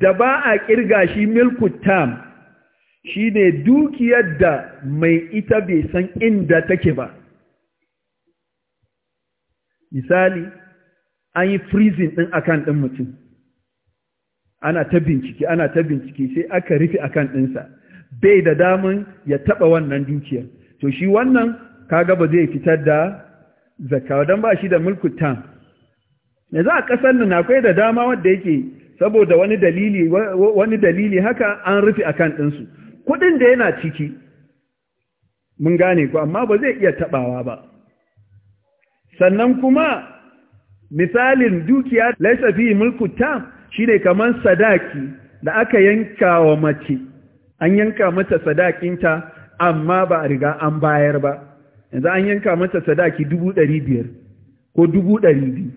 da ba a ƙirga shi milkutam shi ne dukiyar da mai ita bai san inda take ba misali an yi frizin ɗin akan ɗin mutum ana ta bincike ana ta bincike sai aka rufe akan ɗinsa bai da damun ya taɓa wannan dukiyar to shi wannan kaga ba zai fitar da zakka don ba shi da milkutam me za a ƙasar nan akwai da dama wanda yake saboda wani dalili wani dalili haka an rufe akan ɗinsu kuɗin da yana ciki mun gane ku amma ba zai iya taɓawa ba sannan kuma misalin dukiya laisa fi mulku shi shine kamar sadaki da aka yanka wa mace an yanka mata sadakinta amma ba a riga an bayar ba yanzu an yanka mata sadaki dubu ɗari biyar ko dubu ɗari biyu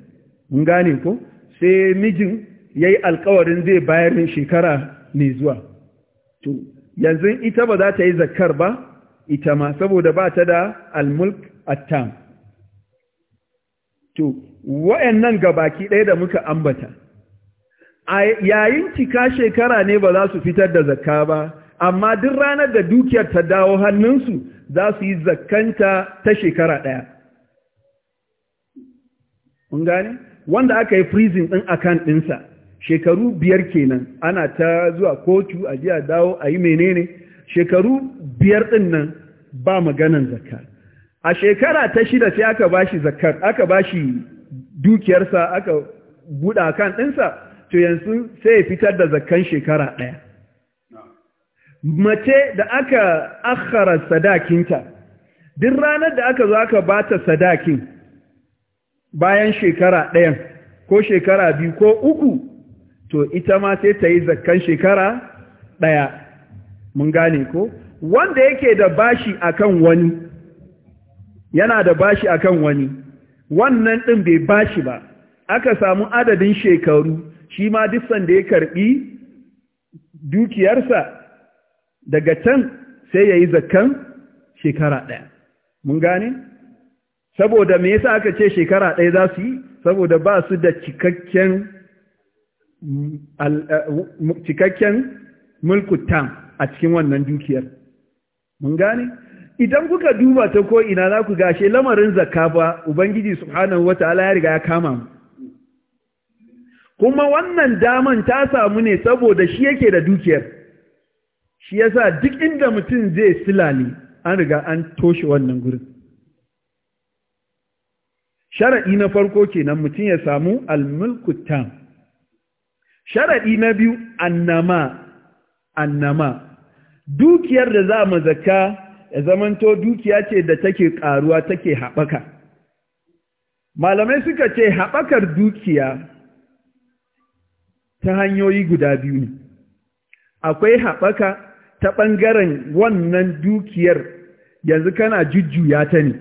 mun gane ko sai mijin ya yi alkawarin zai bayar shekara mai zuwa to yanzu ita ba za ta yi zakar ba ita ma saboda ba ta da almulk attam to ga gabaki ɗaya da muka ambata yayin cika shekara ne ba za su fitar da zakka ba amma duk ranar da dukiyar ta dawo hannunsu za su yi zakkanta ta shekara ɗaya. Mun gane? wanda aka yi freezing ɗin account ɗinsa shekaru biyar kenan ana ta zuwa kotu a jiya dawo a yi menene shekaru biyar ɗin nan ba maganan zakka a shekara ta shida sai aka bashi zakkar aka bashi dukiyarsa aka buɗe kan ɗinsa to yanzu sai ya fitar da zakkan shekara ɗaya mace da aka akhara sadakinta duk ranar da aka zo aka bata sadakin bayan shekara ɗayan ko shekara biyu ko uku to ita ma sai ta yi zakkan shekara ɗaya mun gane ko wanda yake da bashi akan wani yana da bashi akan wani wannan ɗin bai bashi ba aka samu adadin shekaru shi ma duk sanda ya karɓi dukiyarsa daga can sai ya yi zakkan shekara ɗaya mun gane? saboda me yasa aka ce shekara ɗaya za su yi saboda ba su da cikakken eh, mulkutan a cikin wannan dukiyar mun gane idan kuka duba ta ko ina za ku gashe lamarin zakka ba ubangiji subhanahu wataala ya riga ya kama mu kuma wannan daman ta samu ne saboda shi yake da dukiyar shi yasa duk inda mutum zai silale an riga an toshe wannan gurin sharaɗi na farko kenan mutum ya samu almulku tam sharaɗi na biyu annama annama dukiyar da za mu zakka ya zamanto dukiya ce da take ƙaruwa take haɓaka malamai suka ce haɓakar dukiya ta hanyoyi guda biyu akwai haɓaka ta ɓangaren wannan dukiyar yanzu kana jujjuya ta ne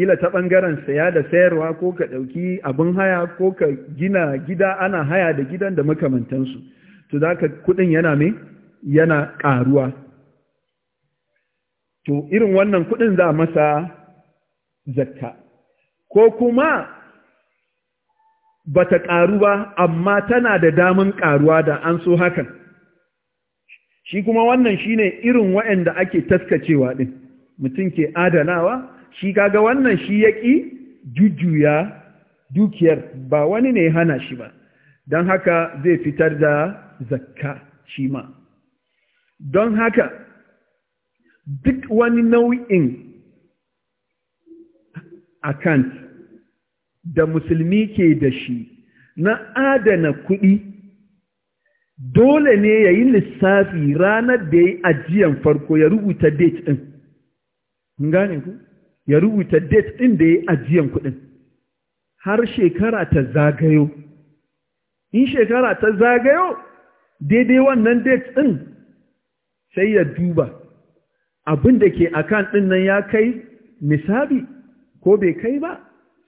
kila ta ɓangaren saya da sayarwa ko ka ɗauki abin haya ko ka gina gida ana haya da gidan da makamantansu to za ka kuɗin yana me yana ƙaruwa to irin wannan kuɗin za masa zakka ko kuma ba ta ƙaru ba amma tana da damun ƙaruwa da an so hakan shi kuma wannan shine irin waɗanda ake taskacewa ɗin mutum ke adanawa shi kaga wannan shi yaƙi jujjuya dukiyar ba wani ne hana shi ba don haka zai fitar da zakka shi ma don haka duk wani nau'in akant da musulmi ke da shi na adana kuɗi dole ne ya yi lissafi ranar da ya yi ajiyan farko ya rubuta date ɗin. Ngane ku? ya rubuta date ɗin da ya yi ajiyan kuɗin har shekara ta zagayo in shekara ta zagayo daidai wannan date ɗin sai ya duba abin da ke akan ɗin nan ya kai misali ko bai kai ba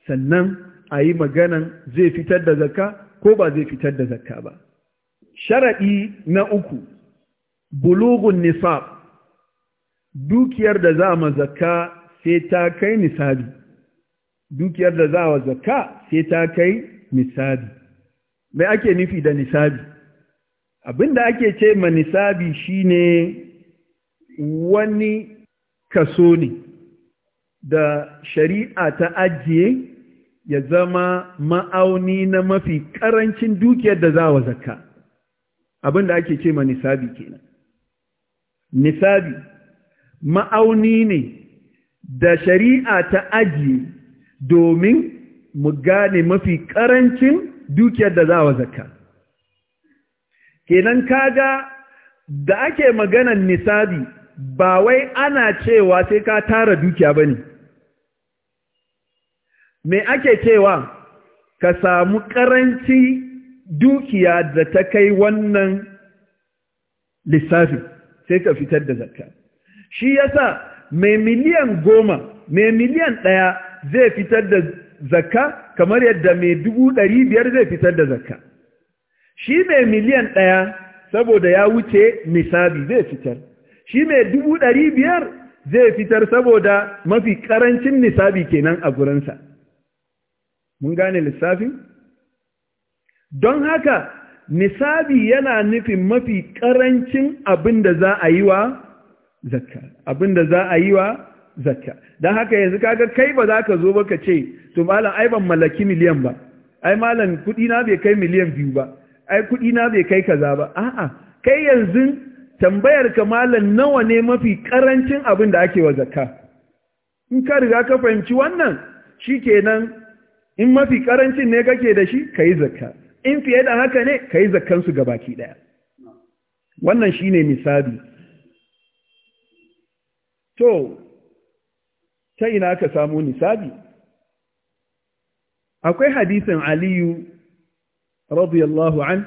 sannan a yi maganan zai fitar da zakka ko ba zai fitar da zakka ba sharaɗi na uku bulugun nisab dukiyar da za mu zakka sai ta kai misali dukiyar da za wa zaka sai ta kai misali mai ake nufi da nisabi abinda ake ce ma nisabi shine wani kaso ne da shari'a ta ajiye ya zama ma'auni na mafi karancin dukiyar da za wa zakka abinda ake ce ma nisabi kenan nisabi ma'auni ne da shari'a ta aji domin mu gane mafi karancin dukiyar da za wa zakka kenan kaga da ake maganan nisabi ba wai ana cewa sai ka tara dukiya ba ne me ake cewa ka samu karanci dukiya da ta kai wannan lissafi sai ka fitar da zakka shi yasa mai miliyan goma mai miliyan ɗaya zai fitar da zakka kamar yadda mai dubu ɗari biyar zai fitar da zakka shi mai miliyan ɗaya saboda ya wuce nisabi zai fitar shi mai dubu ɗari biyar zai fitar saboda mafi ƙarancin nisabi kenan a gurinsa mun gane lissafin don haka nisabi yana nufin mafi ƙarancin abin da za a yi wa zakka abinda za a yi wa zakka don haka yanzu kaga kai ba za ka zo ba ka ce to malam ai ban mallaki miliyan ba ai malam kudi na bai kai miliyan biyu ba ai kudi na bai kai kaza ba a'a kai yanzu tambayar ka malam nawa ne mafi karancin abin da ake wa zakka in ka riga ka fahimci wannan shi kenan in mafi karancin ne kake da shi kai zakka in fiye da haka ne kayi zakkan su gabaki ɗaya wannan shine misali to ta ina ka samu nisabi akwai hadisin aliyu radiyallahu an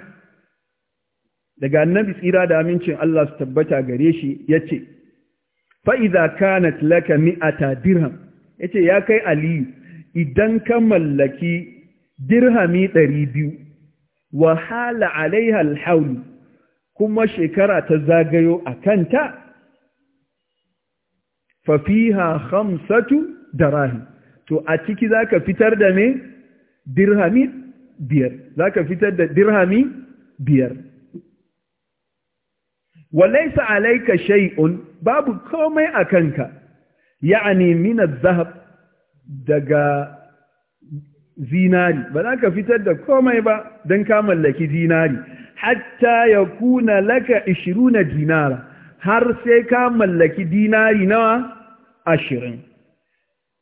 daga annabi tsira da amincin Allah su tabbata gare shi ya ce fa'iza kanat laka mi'ata dirham ya ce ya kai aliyu idan ka mallaki dirhami ɗari biyu wahala alaihal haulu kuma shekara ta zagayo a kanta fafiha hamsatu darahim to a ciki za ka fitar da me dirhami biyar za ka fitar da dirhami biyar walaisa alaika shay'un babu komai a kanka ya'ani min zahab daga zinari ba za ka fitar da komai ba don ka mallaki zinari hatta ya kuna laka 20 dinara har sai ka mallaki dinari nawa ashirin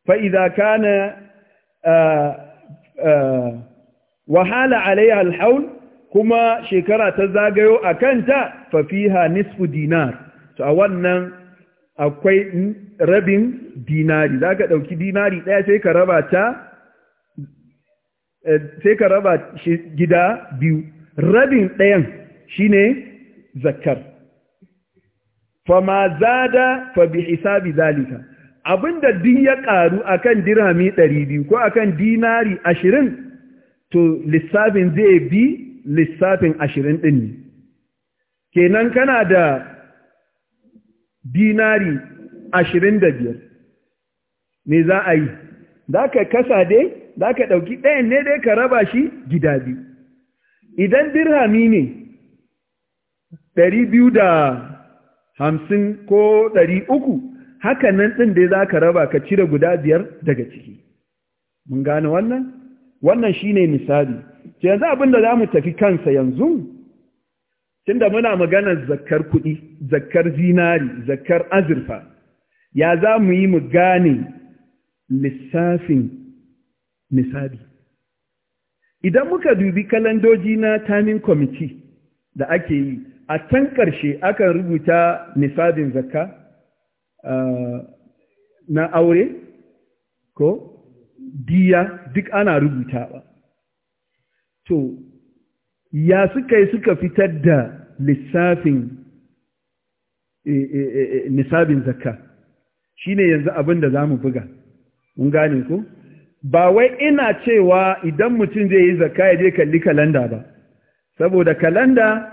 fa'iza kana wahala alaiha alhaul kuma shekara ta zagayo a kanta fafiha nisfu dinar to a wannan akwai rabin dinari za ka ɗauki dinari ɗaya sai ka raba ta eh, sai ka raba gida biyu rabin ɗayan shine zakar fa ma zada fa bi hisabi zalika abinda din ya karu akan dirhami 200 ko akan dinari ashirin, to lissafin zai bi lissafin ashirin ɗin ne kenan kana da dinari ashirin da biyar. me za a yi za ka kasa dai za ka ɗauki ɗayan ne dai ka raba shi gida biyu idan dirhami ne ɗari biyu da hamsin ko ɗari uku haka nan ɗin dai za ka raba ka cire guda biyar daga ciki mun gane wannan wannan shi ne misali ce yanzu abin da za mu tafi kansa yanzu tunda muna maganar zakar kuɗi zakkar zinari zakkar azurfa ya za mu yi mu gane lissafin misali? idan muka dubi kalandoji na tamin committee da ake yi a can ƙarshe akan rubuta nisabin zakka na aure ko diya duk ana rubuta ba to ya suka yi suka fitar da lissafin nisabin eh, eh, eh, zakka Shi ne yanzu abin da mu buga mun gane ku. ba wai ina cewa idan mutum zai yi zakka ya je kalli kalanda ba saboda kalanda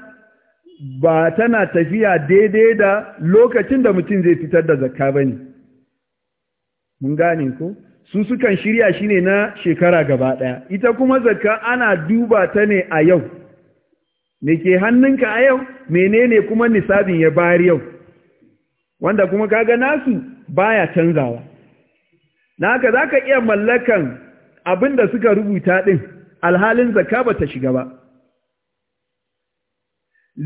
ba tana tafiya daidai da lokacin da mutum zai fitar da zakka ba ne. Mun gane ko? Su sukan shirya shi ne na shekara gaba ɗaya, ita kuma zakka ana duba ta ne a yau, me ke hannunka a yau, menene kuma nisabin ya bayar yau, wanda kuma kaga nasu baya canzawa. Na haka za ka iya mallakan abin da suka rubuta ɗin, alhalin zakka ba ta shiga ba.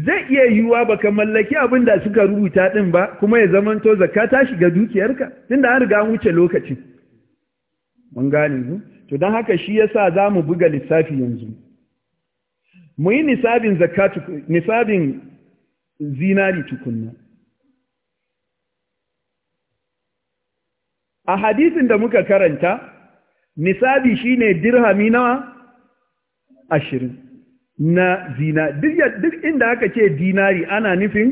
zai iya yiwuwa ba ka mallaki abin da suka rubuta ɗin ba kuma ya zamanto zakka ta shiga dukiyarka da an riga wuce lokacin mun gane ku to don haka shi yasa za mu buga lissafi yanzu mu yi nisabin zakka nisabin zinari tukunna a hadisin da muka karanta nisabi shine dirhami nawa ashirin na zina duk inda aka ce dinari ana nufin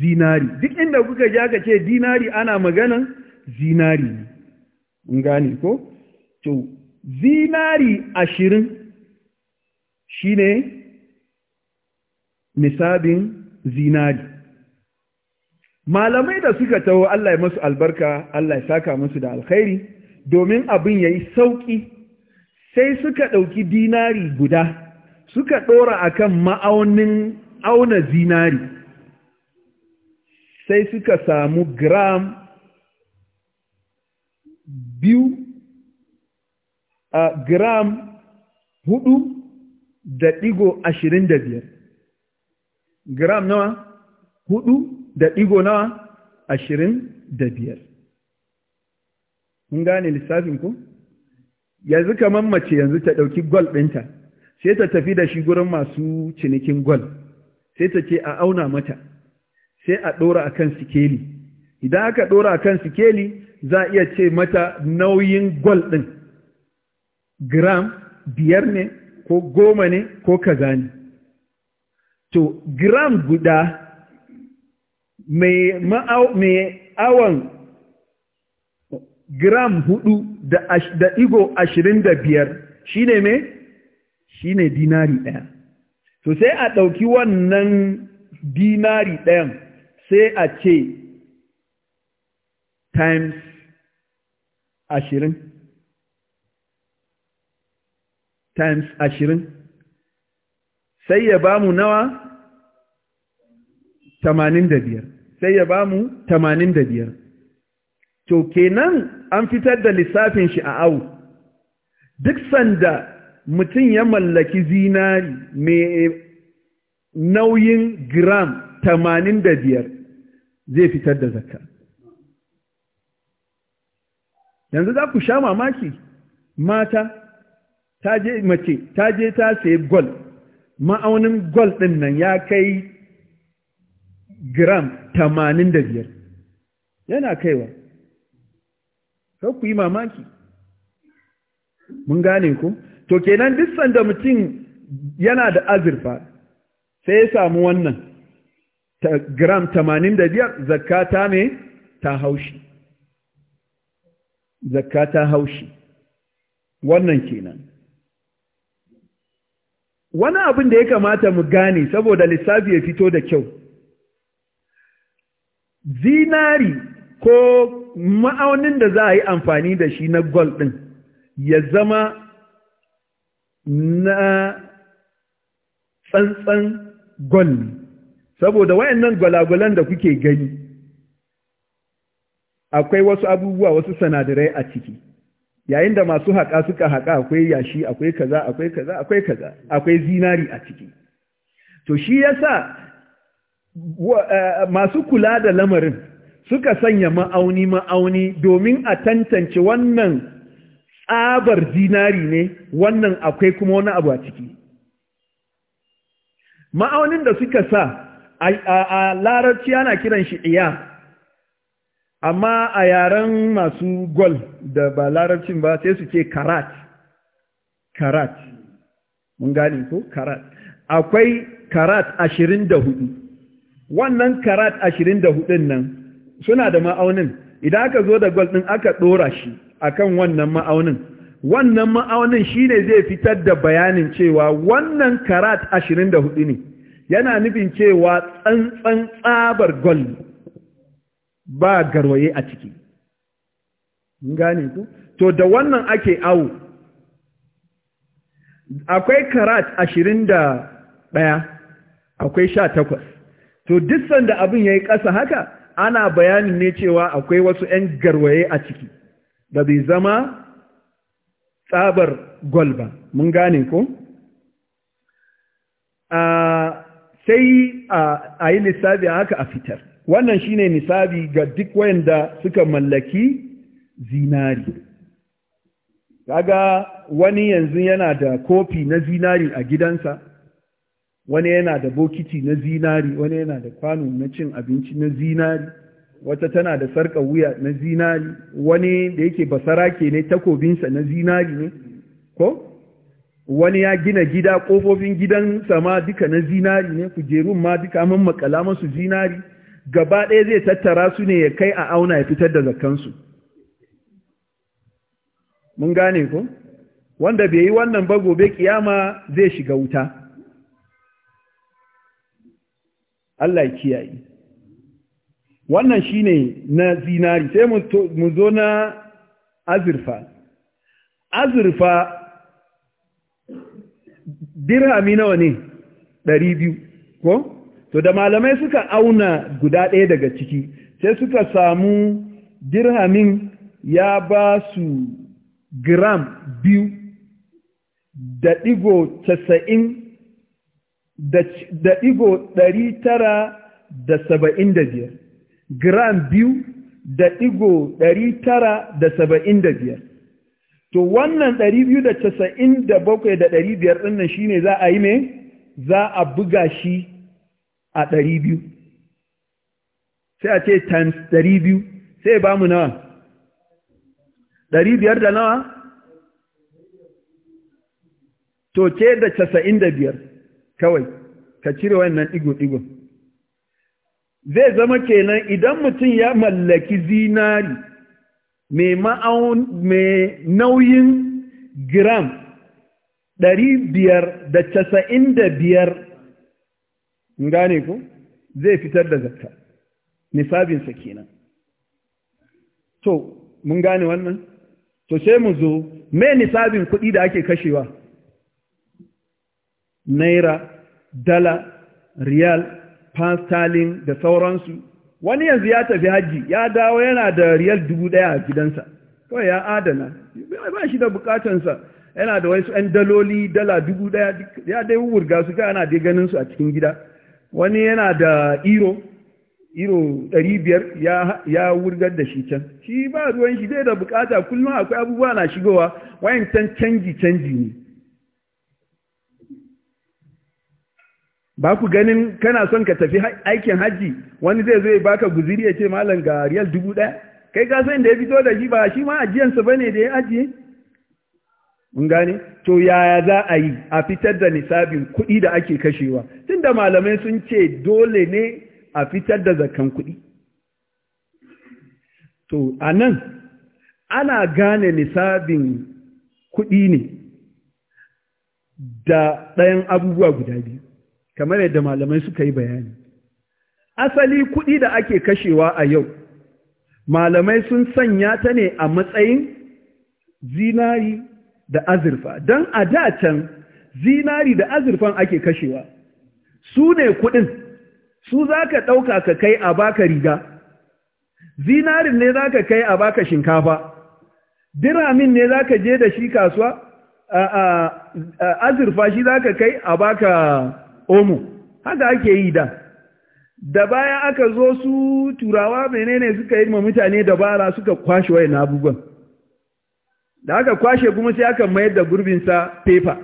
zinari duk inda kuka ji aka ce dinari ana maganan zinari ne gane ko to zinari ashirin shine nisabin zinari malamai da suka taho Allah ya masu albarka Allah ya saka musu da alkhairi domin abin yayi sauƙi, sai suka ɗauki dinari guda suka ɗora a kan ma'aunin auna zinari sai suka samu gram biyu a gram hudu da ɗigo ashirin da biyar gram nawa hudu da ɗigo nawa ashirin da biyar kun gane lissafin yanzu kamar mace yanzu ta ɗauki gwal ɗinta sai ta tafi da shi gurin masu cinikin gwal sai ta ce a auna mata sai a ɗora a kan sikeli idan aka ɗora a kan sikeli za a iya ce mata nauyin gwal ɗin gram biyar ne ko goma ne ko kaza ne to gram guda mai awon gram hudu da ɗigo ashirin da biyar shi ne mai Shi ne dinari ɗaya So sai a ɗauki wannan dinari ɗayan sai a ce times ashirin times ashirin sai ya bamu nawa tamanin da biyar sai ya bamu tamanin da biyar to kenan an fitar da lissafin shi a awu duk sanda mutum ya mallaki zinari mai nauyin gram tamanin da biyar zai fitar da zakka yanzu za ku sha mamaki mata ta je mace ta je ta sayi gol ma'aunin gol ɗin nan ya kai gram tamanin da biyar yana kaiwa kar ku yi mamaki mun gane ku to kenan duk sanda mutum yana da azurfa sai ya samu wannan ta gram 85 zakka ta me ta haushi zakka haushi wannan kenan wani abin da ya kamata mu gane saboda lissafi ya fito da kyau zinari ko ma'aunin da za a yi amfani da shi na gold ɗin ya zama na tsantsan gol saboda wayannan gwalagwalan da kuke gani akwai wasu abubuwa wasu sanadirai a ciki yayin da masu haƙa suka haƙa akwai yashi akwai kaza akwai kaza akwai kaza akwai zinari a ciki to shi yasa eh, masu kula da lamarin suka sanya ma'auni ma'auni domin a tantance wannan tsabar zinari ne wannan akwai kuma wani abu a ciki ma'aunin da suka sa a larabci ana kiran shi iya amma a yaren masu gol da ba larabcin ba sai su ce karat karat mun gane ko karat akwai karat ashirin da hudu wannan karat ashirin da hudun nan suna da ma'aunin idan aka zo da gol ɗin aka ɗora shi akan wannan ma'aunin wannan ma'aunin shine zai fitar da bayanin cewa wannan karat 24 ne yana nufin cewa tsantsan tsabar gol ba garwaye a ciki gane ku to da wannan ake awo akwai karat 21 akwai 18 to duk sanda abin yayi ƙasa haka ana bayanin ne cewa akwai wasu 'yan garwaye a ciki Da bai zama tsabar gol ba mun gane ko sai a yi lissafi a haka a fitar wannan shine nisabi ga duk wayanda suka mallaki zinari kaga wani yanzu yana da kofi na zinari a gidansa wani yana da bokiti na zinari wani yana da kwano na cin abinci na zinari wata tana da sarƙar wuya na zinari wani da yake basara ke ne takobinsa na zinari ne ko wani ya gina gida ƙofofin gidan sama duka na zinari ne kujerun ma duka man makala masu zinari gaba ɗaya zai tattara su ne ya kai a auna ya fitar da zakansu mun gane ko wanda bai yi wannan ba gobe kiyama zai shiga wuta Allah kiyaye wannan shi ne na zinari sai mu zo na azurfa azurfa dirhami nawa ne ɗari biyu ko to da malamai suka auna guda ɗaya daga ciki sai suka samu dirhamin ya ba su gram biyu da ɗigo casa'in da ɗigo ɗari tara da saba'in da biyar gram biyu da ɗigo ɗari tara da saba'in da biyar to wannan ɗari biyu da casa'in da bakwai da ɗari biyar ɗinnan shi ne za a yi mai za a buga shi a ɗari biyu sai a ce times ɗari biyu sai ba mu nawa ɗari biyar da nawa to ce da casa'in da biyar kawai ka cire wannan ɗigo-ɗigon zai zama kenan idan mutum ya mallaki zinari mai nauyin gram ɗari biyar da casa'in da biyar gane ku zai fitar da zakka nisabinsa kenan to mun gane wannan to sai mu zo mai nisabin kuɗi da ake kashewa naira dala riyal pastalin da sauransu wani yanzu ya tafi hajji ya dawo yana da riyal dubu ɗaya a gidansa kawai ya adana ba shi da bukatansa yana da wasu 'yan daloli dala dubu ɗaya ya dai wurga su kai ana dai ganin su a cikin gida wani yana da iro iro ɗari biyar ya wurgar da shi can shi ba ruwan shi dai da bukata kullum akwai abubuwa na shigowa wayan can canji canji ne ba ku ganin kana son ka tafi aikin hajji wani zai zai baka guziri ya ce malam ga riyal dubu ɗaya kai ka san da ya fito da shi ba shi ma ajiyansa ba ne da ya ajiye mun gane to yaya za a yi a fitar da nisabin kuɗi da ake kashewa tunda malamai sun ce dole ne a fitar da zakan kuɗi to a nan ana gane nisabin kuɗi ne da ɗayan abubuwa guda biyu kamar yadda malamai suka yi bayani asali kuɗi da ake kashewa a yau malamai sun sanya ta ne a matsayin zinari da azurfa don a da can zinari da azurfan ake kashewa su ne kuɗin su za ka ɗauka ka kai a baka riga zinarin ne za ka kai a baka shinkafa diramin ne za ka je da shi kasuwa azurfa shi za ka kai a baka Omu, haka ake yi da da baya aka zo su turawa menene suka yi ma mutane dabara suka kwashe wayan abubuwan da aka kwashe kuma sai aka mayar da gurbin sa fefa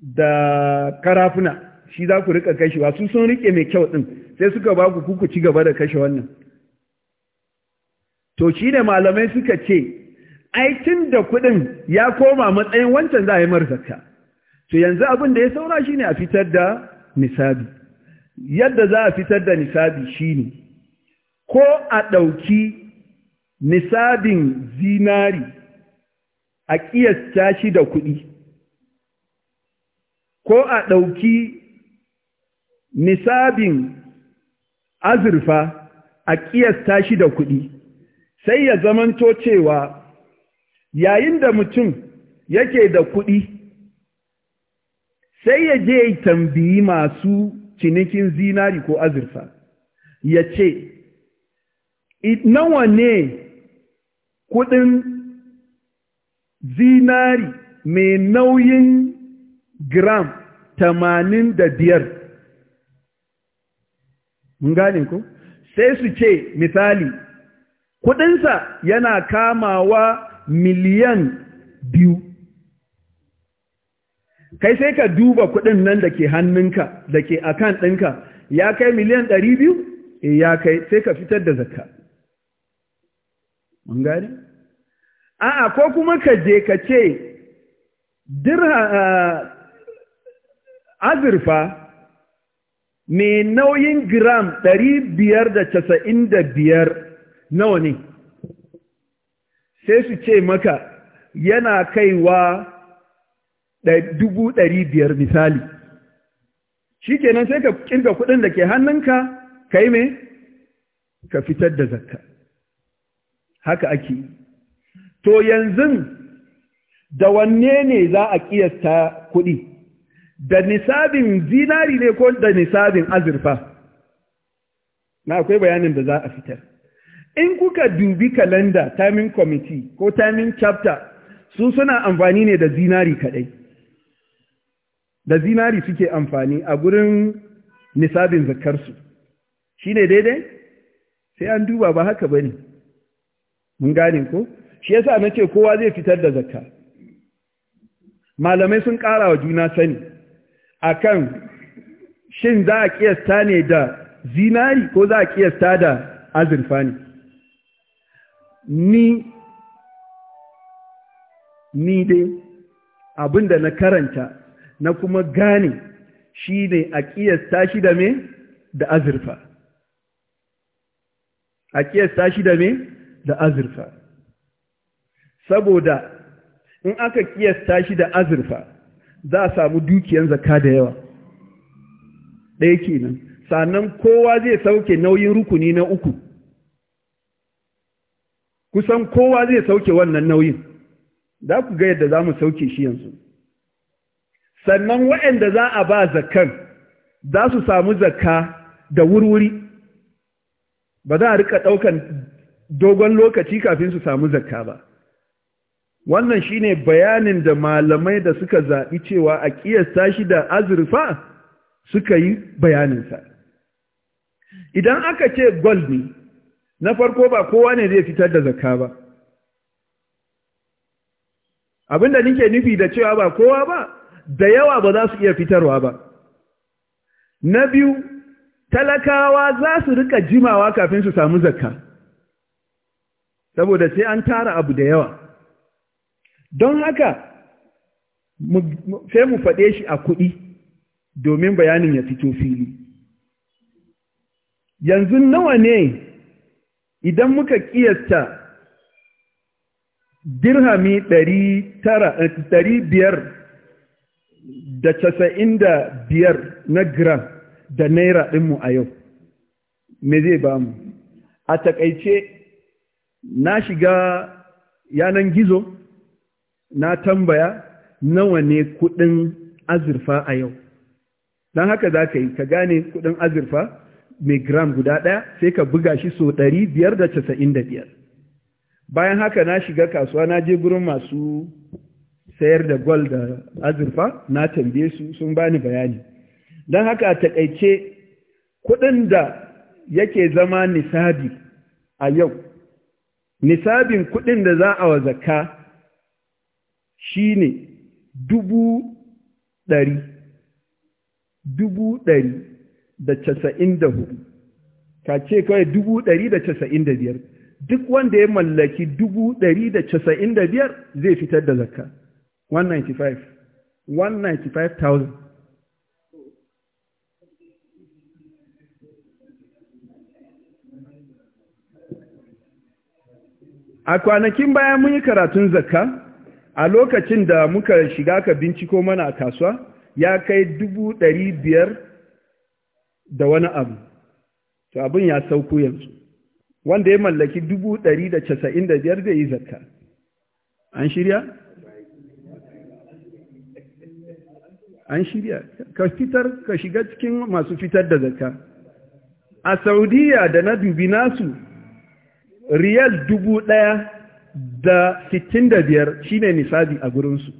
da karafuna shi za ku rika kashewa su sun rike mai kyau din sai suka ba ku kuku ci gaba da kashe wannan to shi ne malamai suka ce ai da kuɗin ya koma matsayin wancan za a yi marzaka to yanzu abin da ya saura shine a fitar da nisabi yadda za a fitar da nisabi shine ko a ɗauki nisabin zinari a ƙiyasta shi da kuɗi ko a ɗauki nisabin azurfa a ƙiyasta shi da kuɗi sai ya zamanto cewa yayin da mutum yake da kuɗi sai ya je tambayi masu cinikin zinari ko azurfa ya ce nawa ne kudin zinari mai nauyin gram tamanin da biyar mun gane ku sai su ce misali kudinsa yana kamawa miliyan biyu kai sai ka duba kuɗin nan da ke hannunka da ke akan ɗinka ya kai miliyan ɗari biyu eh, ya kai sai ka fitar da zakka mun gani a'a ko kuma ka je ka ce eh, azurfa mai nauyin gram ɗari biyar da casa'in da biyar nawa ne sai su ce maka yana kaiwa dubu ɗari biyar misali shi kenan sai ka kirga kuɗin da ke hannunka ka yi mai ka fitar da zakka haka ake to yanzu da wanne ne za a ƙiyasta kuɗi da nisabin zinari ne ko da nisabin azurfa na akwai bayanin da za a fitar in kuka dubi kalanda timing committee ko timing chapter sun suna amfani ne da zinari kaɗai da zinari suke amfani a gurin nisabin zakarsu shi ne daidai sai an duba ba haka ba ne mun gane ko shi yasa na ce kowa zai fitar da zakka malamai sun ƙara wa juna sani akan shin za a kiyasta ne da zinari ko za a kiyasta da azurfa ne ni ni dai abinda na karanta na kuma gane shi ne a ƙiyasta shi da me da azurfa a ƙiyasta shi da me da azurfa saboda in aka ƙiyasta shi da azurfa za a samu dukiyan zaka da yawa ɗaya kenan sannan kowa zai sauke nauyin rukuni na uku kusan kowa zai sauke wannan nauyin za ku ga yadda za mu sauke shi yanzu sannan waɗanda za a ba zakan za su samu zakka da wurwuri ba za a rika ɗaukan dogon lokaci kafin su samu zakka ba wannan shine bayanin da malamai da suka zaɓi cewa a ƙiyasta shi da azurfa suka yi bayaninsa idan aka ce gold ne na farko ba kowa ne zai fitar da zakka ba abinda nike nufi da cewa ba kowa ba da yawa ba za su iya fitarwa ba na biyu talakawa za su rika jimawa kafin su samu zakka saboda sai an tara abu da yawa don haka sai mu faɗe shi a kuɗi domin bayanin ya fito fili yanzu nawa ne idan muka ƙiyasta dirhami ɗari eh, biyar da casa'in da biyar na gram da naira ɗinmu a yau me zai ba mu a takaice na shiga yanan gizo na tambaya nawa ne kuɗin azurfa a yau don haka za ka yi ka gane kuɗin azurfa mai gram guda ɗaya sai ka buga shi so biyar. bayan haka na shiga kasuwa na je gurin masu sayar da gwal da azurfa na tambaye su sun bani bayani don haka a takaice kuɗin da yake zama nisabi a yau nisabin kuɗin da za a wa zakka shi ne dubu ɗari dubu ɗari da casa'in da hudu ka ce kawai dubu ɗari da casa'in da biyar duk wanda ya mallaki dubu ɗari da casa'in da biyar zai fitar da zakka 195 a kwanakin baya mun yi karatun zakka a lokacin da muka shiga ka binciko mana a kasuwa ya kai dubu ɗari biyar da wani abu to abin ya sauko yanzu wanda ya mallaki dubu ɗari da casa'in da biyar zai yi zakka an shirya an shirya ka fitar ka shiga cikin masu fitar da zakka a saudiya da na dubi nasu riyal dubu ɗaya da sittin da biyar shi ne nisabi a gurinsu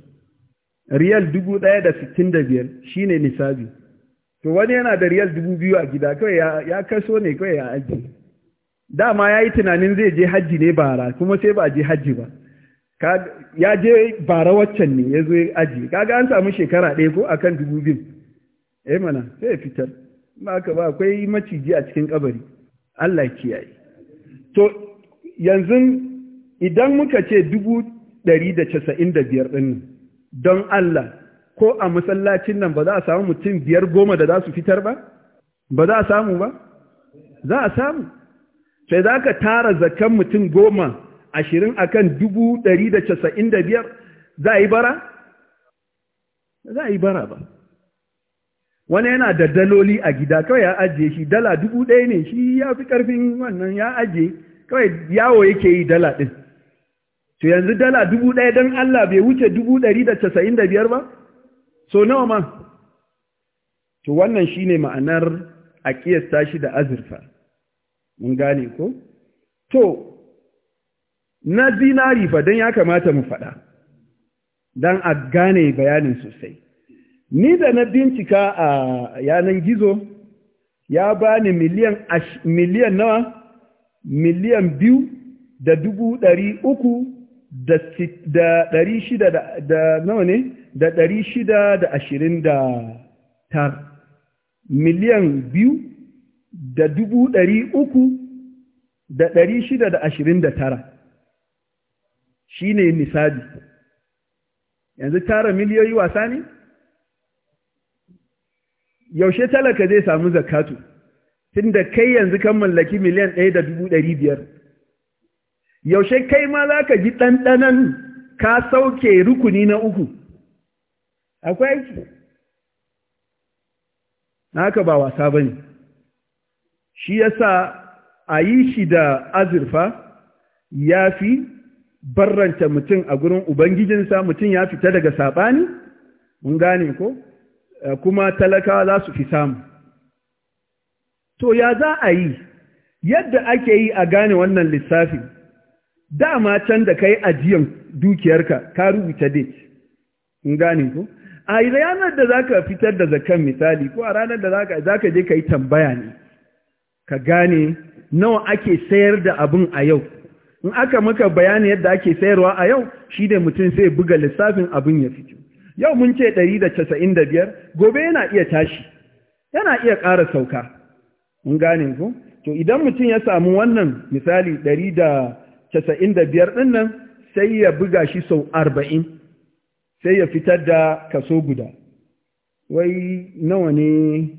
riyal dubu ɗaya da sittin da biyar shi ne nisabi to wani yana da riyal dubu biyu a gida kawai ya kaso ne kawai ya ajiye dama ya yi tunanin zai je hajji ne bara kuma sai ba je hajji ba ya je bara waccan ne ya zo aji kaga an samu shekara ɗaya ko akan dubu biyu eh mana sai ya fitar ba ka ba akwai maciji a cikin kabari Allah kiyaye to yanzu idan muka ce dubu ɗari da casa'in da biyar ɗin don Allah ko a masallacin nan ba za a samu mutum biyar goma da za su fitar ba ba za a samu ba za a samu sai za ka tara zakan mutum goma ashirin a kan dubu ɗari da casa'in da biyar za a yi bara? za a yi bara ba wani yana da daloli a gida kawai ya ajiye shi dala dubu ɗaya ne shi ya fi ƙarfin wannan ya ajiye kawai yawo yake yi dala ɗin to yanzu dala dubu ɗaya don Allah bai wuce dubu ɗari da casa'in da biyar ba so nawa ma to wannan shi ne ma'anar a ƙiyasta shi da azurfa mun gane ko to na zinari ba don ya kamata mu faɗa don a gane bayanin sosai ni da na bincika a yanar gizo ya ba ni miliyan miliyan nawa miliyan biyu da dubu ɗari uku da ɗari shida da nawa ne da ɗari shida da ashirin da tar miliyan biyu da dubu ɗari uku da ɗari shida da ashirin da tara shi ne misali yanzu tara miliyoyi wasa ne yaushe talaka zai samu zakatu tun da kai yanzu kan mallaki miliyan ɗaya da dubu ɗari biyar yaushe kai ma za ka ji ɗanɗanan ka sauke rukuni na uku akwai aiki na haka ba wasa ba ne shi yasa a yi shi da azurfa ya fi barranta mutum a gurin ubangijinsa mutum ya fita daga saɓani mun gane ko eh, kuma talakawa za su fi samu to ya za a yi yadda ake yi a gane wannan lissafi dama can da ka yi ajiyan dukiyarka ka rubuta date mun gane ko a ranar da za ka fitar da zakan misali ko a ranar da za ka je ka yi tambaya ne ka gane nawa ake sayar da abin a yau in aka maka bayani yadda ake sayarwa a yau shi ne mutum sai buga lissafin abin ya fito yau mun ce ɗari da biyar, gobe yana iya tashi yana iya ƙara sauka mun gane ku to idan mutum ya samu wannan misali ɗari da 195 ɗin nan sai ya buga shi sau arba'in, sai ya fitar da kaso guda wai nawa ne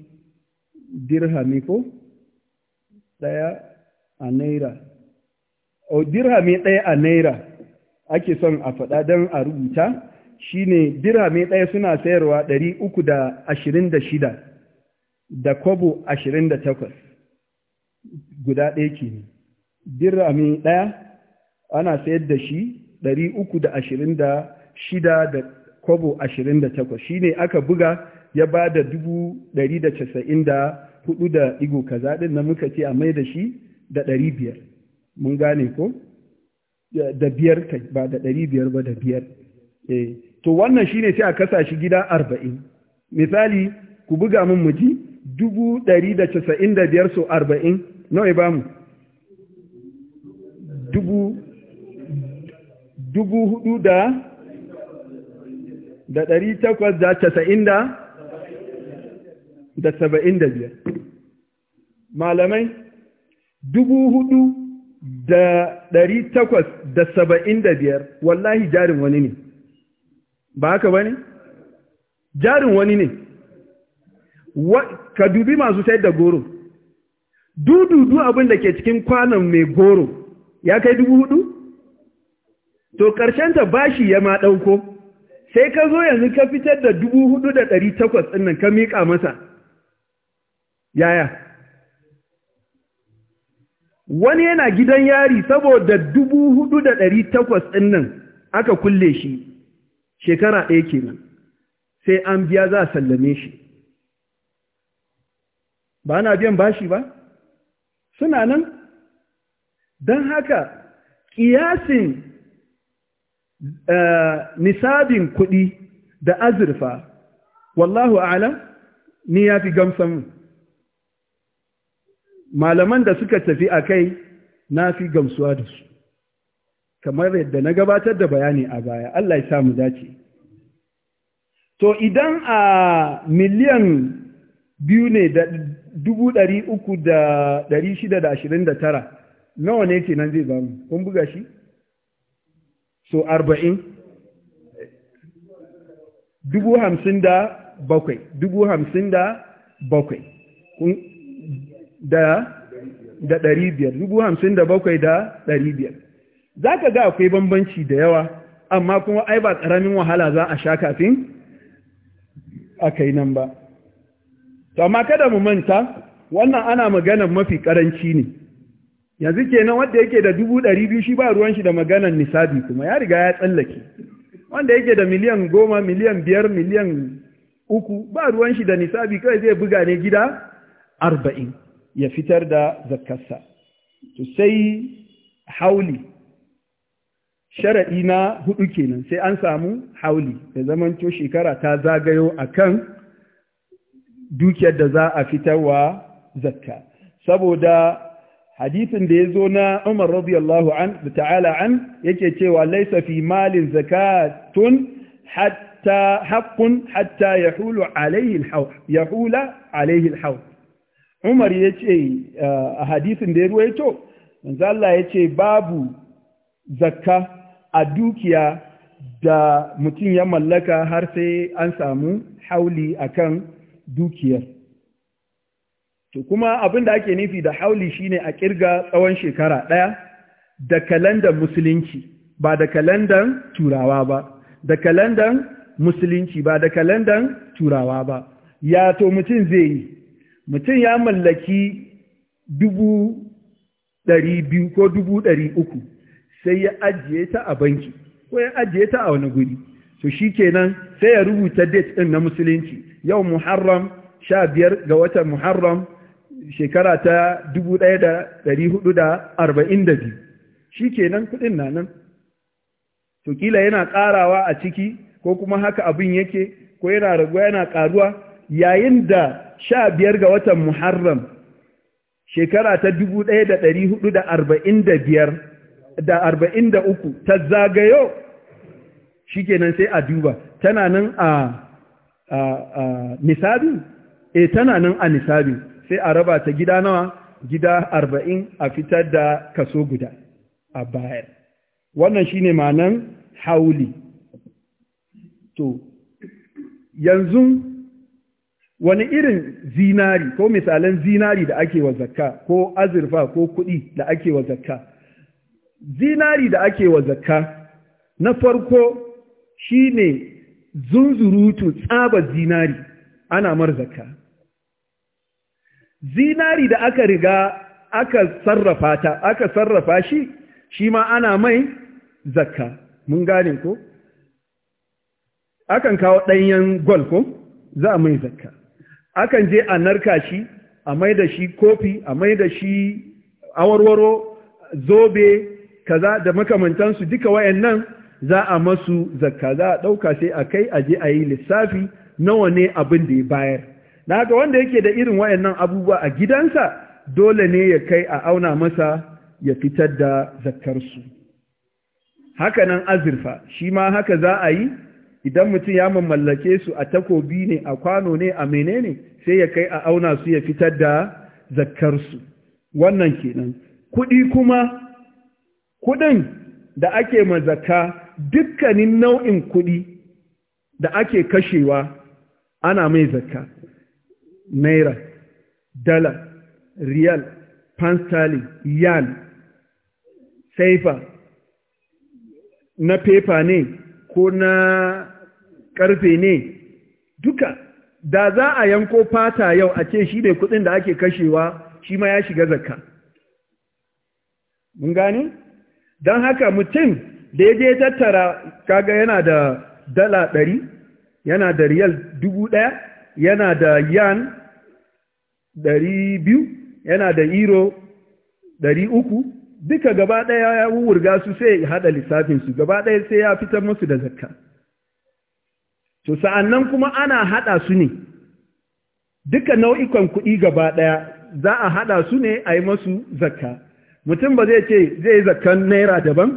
dirhami ko ɗaya a naira Oh, dirhami ɗaya a naira ake son a faɗa don a rubuta shine dirhami ɗaya suna sayarwa ɗari uku da ashirin da shida da kwabo ashirin da takwas guda ɗaya ke ne dirhami ɗaya ana sayar da shi ɗari uku da ashirin da shida da kwabo ashirin da takwas aka buga ya ba da dubu ɗari da casa'in da hudu da igo kaza ɗin na muka ce a mai da shi da ɗari biyar mun gane ko da biyar kai ba da ɗari biyar ba da biyar eh, to wannan shine sai a kasa shi gida arba'in misali ku buga min muji dubu ɗari da casa'in da biyar so arba'in nawa ba mu dubu dubu hudu da da ɗari takwas da casa'in da da saba'in da biyar malamai dubu hudu da ɗari takwas da saba'in da biyar wallahi jarin wani ne ba haka ba ne? jarin wani ne ka dubi masu sayar da goro dududu abin da ke cikin kwanan mai goro ya kai dubu hudu? to ta bashi ya ma ɗauko sai ka zo yanzu ka fitar da dubu hudu da ɗari takwas ɗin ka miƙa masa yaya wani yana gidan yari saboda dubu hudu da ɗari takwas ɗin nan aka kulle shi shekara ɗaya ke nan, sai an biya za a sallame shi ba na biyan bashi ba suna nan don haka ƙiyasin eh, nisabin kuɗi da azurfa wallahu alam ni ya fi gamsan mu malaman da suka tafi a kai na fi gamsuwa da su kamar yadda na gabatar da bayani a baya Allah ya samu dace to idan a miliyan biyu ne da dubu ɗari uku da ɗari shida da ashirin da tara nawa ne kenan zai zama? kun buga shi so arba'in dubu hamsin da bakwai dubu hamsin da bakwai da da ɗari biyar dubu hamsin da bakwai da ɗari biyar za ka ga akwai bambanci da yawa amma kuma ai ba ƙaramin wahala za a sha kafin a kai nan ba to amma kada mu manta wannan ana maganan mafi ƙaranci ne yanzu kenan wanda yake da dubu ɗari biyu shi ba ruwan shi da maganar nisabi kuma ya riga ya tsallake wanda yake da miliyan goma miliyan biyar miliyan uku ba ruwan shi da nisabi kawai zai buga ne gida arba'in ya fitar da zakkarsa to sai hauli shara'i na hudu kenan sai an samu hauli da zamanto shekara ta zagayo akan dukiyar da za a fitarwa zakka saboda hadisin da ya zo na Umar radiyallahu an da ta'ala an yake cewa laisa fi malin zakatun hatta haqqun hatta yahulu alayhi al yahula alayhi al Umar ya ce a hadisin da ya ruwaito, manzo Allah ya ce babu zakka a dukiya da mutum ya mallaka har sai an samu hauli akan dukiyar. To kuma abin da ake nufi da hauli shine a kirga tsawon shekara ɗaya da kalandar musulunci ba da kalandar turawa ba, da kalandar musulunci ba da kalandar turawa ba. Ya to mutum zai yi. mutum ya mallaki dubu ɗari biyu ko dubu ɗari uku sai ya ajiye ta a banki ko ya ajiye ta a wani guri to shi kenan sai ya rubuta date ɗin na musulunci yau muharram sha biyar ga watan muharram shekara ta dubu ɗaya da ɗari hudu da arba'in da biyu shi kenan kuɗin na nan to kila yana ƙarawa a ciki ko kuma haka abin yake ko yana raguwa yana ƙaruwa yayin da sha biyar ga watan Muharram shekara ta dubu ɗaya da ɗari hudu da arba'in da biyar da arba'in da uku ta zagayo shi kenan sai a duba tana nan a nisabi? e tana nan a nisabi sai a raba ta gida nawa gida arba'in a fitar da kaso guda a bayar wannan shi shine ma'anan hauli to yanzu wani irin zinari ko misalan zinari da ake wa zakka ko azurfa ko kuɗi da ake wa zakka zinari da ake wa zakka na farko shine zunzurutu tsaba zinari ana mar zakka zinari da aka riga aka sarrafa ta aka sarrafa shi shi ma ana mai zakka mun gane ko akan kawo ɗanyen gwal ko za a mai zakka akan je a narka shi a mai da shi kofi a mai da shi awarwaro zobe kaza da makamantansu duka wayannan za a masu zakka za a ɗauka sai a kai a je a yi lissafi nawa ne abin da ya bayar na haka wanda yake da irin wayannan abubuwa a gidansa dole ne ya kai a auna masa ya fitar da zakkarsu haka nan azurfa shi ma haka za a yi idan mutum ya mamallake su a takobi ne a kwano ne a menene sai ya kai a auna su ya fitar da zakkarsu wannan kenan kuɗi kuma kuɗin da ake mazaka dukkanin nau'in kuɗi da ake kashewa ana mai zakka naira dala riyal panstali yan saifa na pepa ne ko na karfe ne duka da za a yanko fata yau a ce shi ne kudin da ake kashewa shi ma ya shiga zakka mun gani don haka mutum da ya je tattara kaga yana da dala ɗari yana da riyal dubu ɗaya yana da yan ɗari biyu yana da iro ɗari uku duka gaba ɗaya ya wurga su sai haɗa lissafinsu gaba ɗaya sai ya fitar musu da zakka to sa'annan kuma ana haɗa su ne duka nau'ikan kuɗi gaba ɗaya za a haɗa su ne a yi masu zakka mutum ba zai ce zai yi zakkan naira daban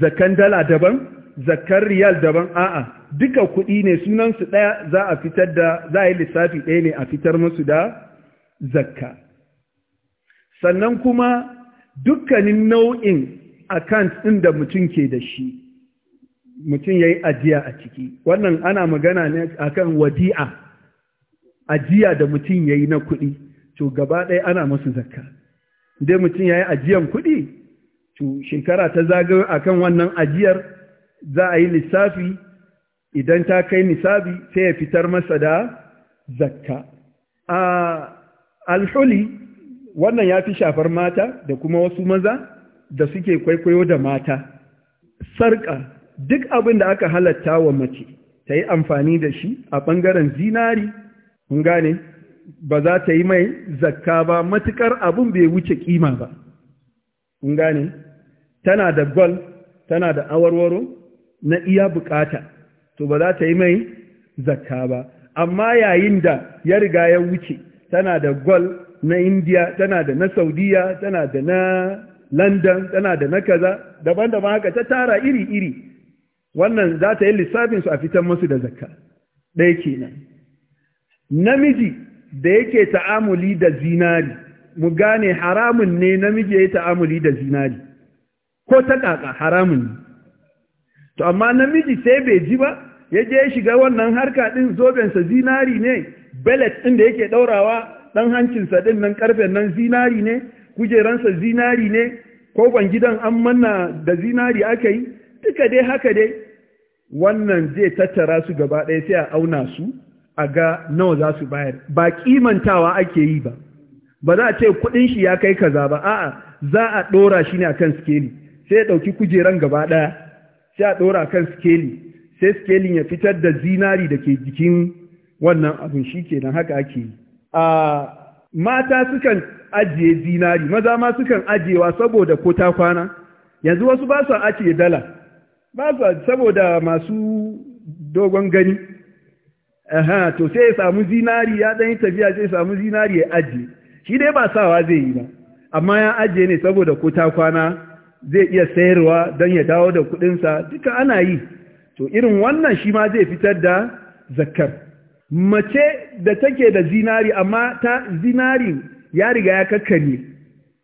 zakkan dala daban zakkan riyal daban a'a duka kuɗi ne sunansu ɗaya za a fitar da za a yi lissafi ɗaya ne a fitar masu da zakka sannan kuma dukkanin nau'in akant ɗin da mutum ke da shi mutum ya yi ajiya a ciki wannan ana magana ne a kan wadi'a ajiya da mutum ya yi na kuɗi to gaba ɗaya ana masu zakka dai mutum ya yi ajiyan kuɗi to shekara ta zagayo kan wannan ajiyar za a yi lissafi idan ta kai nisabi sai ya fitar masa da zakka a alhuli wannan ya fi shafar mata da kuma wasu maza da suke kwaikwayo da mata sarƙa duk abin da aka halatta wa mace ta yi amfani da shi a ɓangaren zinari kun gane ba za ta yi mai zakka ba matukar abin bai wuce kima ba kun gane tana da gol tana da awarwaro na iya bukata to ba za ta yi mai zakka ba amma yayin da ya riga ya wuce tana da gol na indiya tana da na saudiya tana da na london tana da na kaza daban-daban haka ta tara iri-iri wannan za ta yi lissafin su a fitan musu da zakka ɗaya kenan namiji da yake ta'amuli da zinari mu gane haramun ne namiji ya yi ta'amuli da zinari ko ta ƙaƙa haramun ne to amma namiji sai bai ji ba ya je shiga wannan harka ɗin zobensa zinari ne belet ɗin da yake ɗaurawa ɗan hancinsa ɗin nan ƙarfen nan zinari ne kujeransa zinari ne ko gidan an manna da zinari aka yi duka dai haka dai wannan zai tattara su gaba ɗaya sai a auna su a ga nawa za su bayar ba kimantawa ake yi ba ba za a ce kuɗin shi ya kai kaza ba a'a za a ɗora shi ne akan skeli sai ya ɗauki kujeran gaba ɗaya sai a ɗora kan skeli sai skelin ya fitar da zinari da ke jikin wannan abin shi kenan haka ake yi a mata sukan ajiye zinari maza ma sukan ajiyewa saboda ko ta kwana yanzu wasu ba su ajiye dala ba su saboda masu dogon gani aha to sai ya samu zinari ya dan tafiya sai ya samu zinari ya ajiye shi dai ba sawa zai yi ba amma ya ajiye ne saboda ko ta kwana zai iya sayarwa don ya dawo da kudinsa duka ana yi to irin wannan shi ma zai fitar da zakar mace da take da zinari amma ta zinari ya riga ya kakkane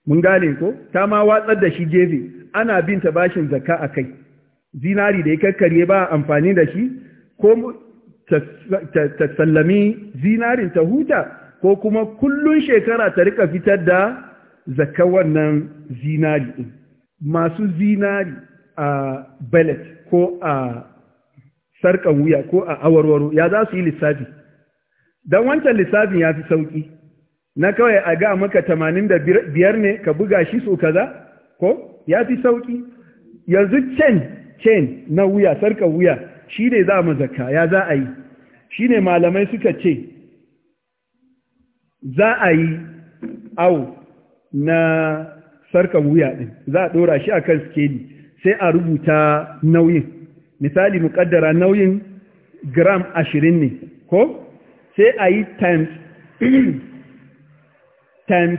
mun gane ko ta ma watsar da shi gefe ana binta bashin zakka a kai zinari da ya karkare ba amfani da shi ko ta sallami zinarin ta huta ko kuma kullun shekara ta rika fitar da zakka wannan zinari din masu zinari a belet ko a sarkan wuya ko a awarwaro ya za su yi lissafi don wancan lissafin ya fi sauƙi na kawai a ga maka tamanin da biyar ne ka buga shi su kaza ko ya fi sauƙi yanzu can chain na wuya sarkar wuya shi ne za a ya za a yi shi ne malamai suka ce za a yi au na sarkar wuya ɗin za a ɗora shi a kan skeli sai a rubuta nauyin misali mu ƙaddara nauyin gram ashirin ne ko sai a yi times times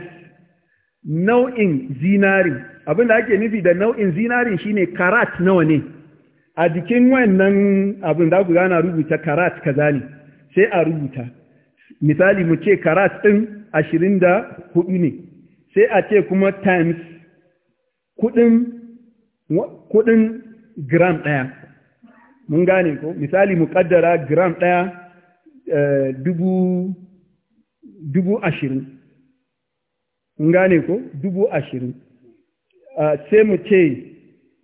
nau'in zinari abinda ake nufi da nau'in zinari shine karat nawa ne a jikin wannan abin da ku gana rubuta karat kaza ne sai a rubuta misali mu ce karat ɗin ashirin da ne sai a ce kuma times kudin gram ɗaya mun gane ko misali mu kaddara gram ɗaya eh, dubu ashirin mun gane ko dubu ashirin Uh, sai mu ce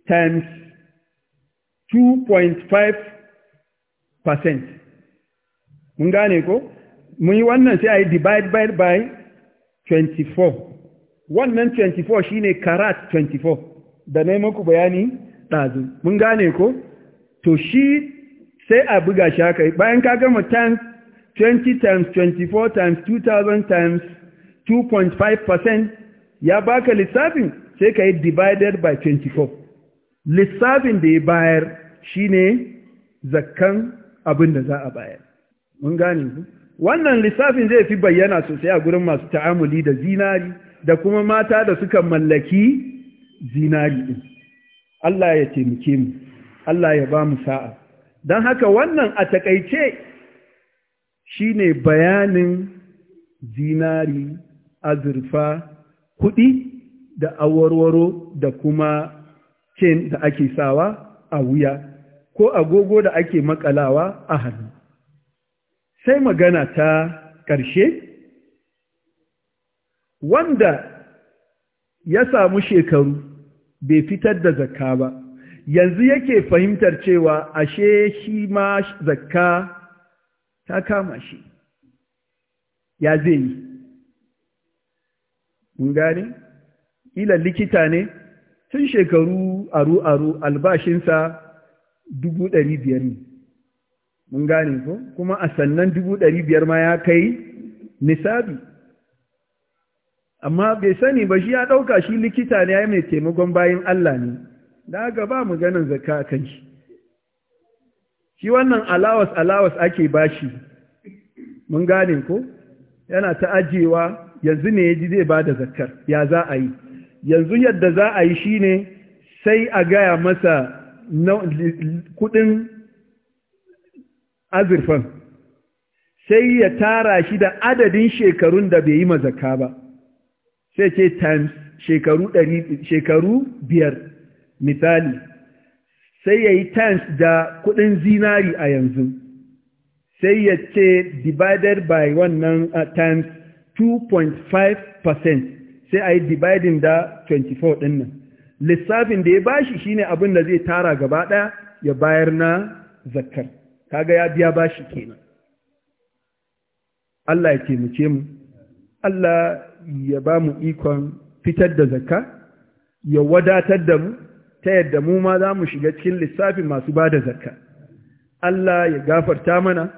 times 2.5% percent mun gane ko mun yi wannan sai a yi divide by, 24 wannan 24 shine karat 24 da na maku bayani ɗazu mun gane ko to shi sai a buga shi haka bayan ka gama times 20 times 24 times 2000 times 2.5% percent ya baka lissafin sai ka yi divided by 24 lissafin da ya bayar shi ne zakkan abin da za a bayar mun gane ku wannan lissafin zai fi bayyana sosai a gurin masu ta'amuli da zinari da kuma mata da suka mallaki zinari din Allah ya taimake mu Allah ya ba mu sa'a don haka wannan a takaice ne bayanin zinari azurfa kuɗi da awarwaro da kuma cin da ake sawa a wuya ko agogo da ake makalawa a hannu sai magana ta ƙarshe wanda ya samu shekaru bai fitar da zakka ba yanzu yake fahimtar cewa ashe shi ma zakka ta kama shi ya zai yi mun gane kila likita ne tun shekaru aru-aru albashinsa dubu ɗari biyar ne mun gane ko kuma a sannan dubu ɗari biyar ma ya kai nisabi amma bai sani ba shi ya ɗauka shi likita ne ya yi mai taimakon bayan Allah ne da haka ba mu ganin zaka kan shi shi wannan alawas alawas ake bashi mun gane ko yana ta ajiyewa yanzu ne ya ji zai ba da zakar ya za a yi yanzu yadda za a yi shine sai a gaya masa kudin azurfan sai ya tara shi da adadin shekarun da bai yi mazaka ba sai ce times shekaru shekaru biyar misali sai ya yi times da kudin zinari a yanzu sai ya ce divided by wannan uh, times 2.5 percent sai a yi dividing da 24 ɗin nan lissafin da ya bashi shine abin da zai tara gaba ɗaya ya bayar na zakar kaga ya biya bashi kenan Allah ya taimake mu Allah ya ba mu ikon fitar da zakka ya wadatar da mu ta yadda mu ma za mu shiga cikin lissafin masu ba da zakka Allah ya gafarta mana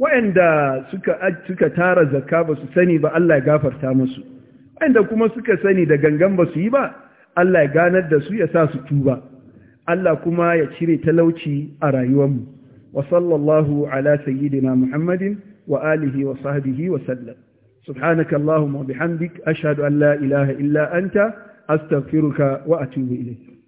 waɗanda suka suka tara zakka ba su sani ba Allah ya gafarta musu wanda kuma suka sani da gangan ba su yi ba Allah ya ganar da su ya sa su tuba Allah kuma ya cire talauci a rayuwarmu wa sallallahu ala sayyidina Muhammadin wa alihi wa sahbihi wa sallam subhanaka allahumma bihamdik ashhadu an la ilaha illa anta astaghfiruka wa atubu ilayk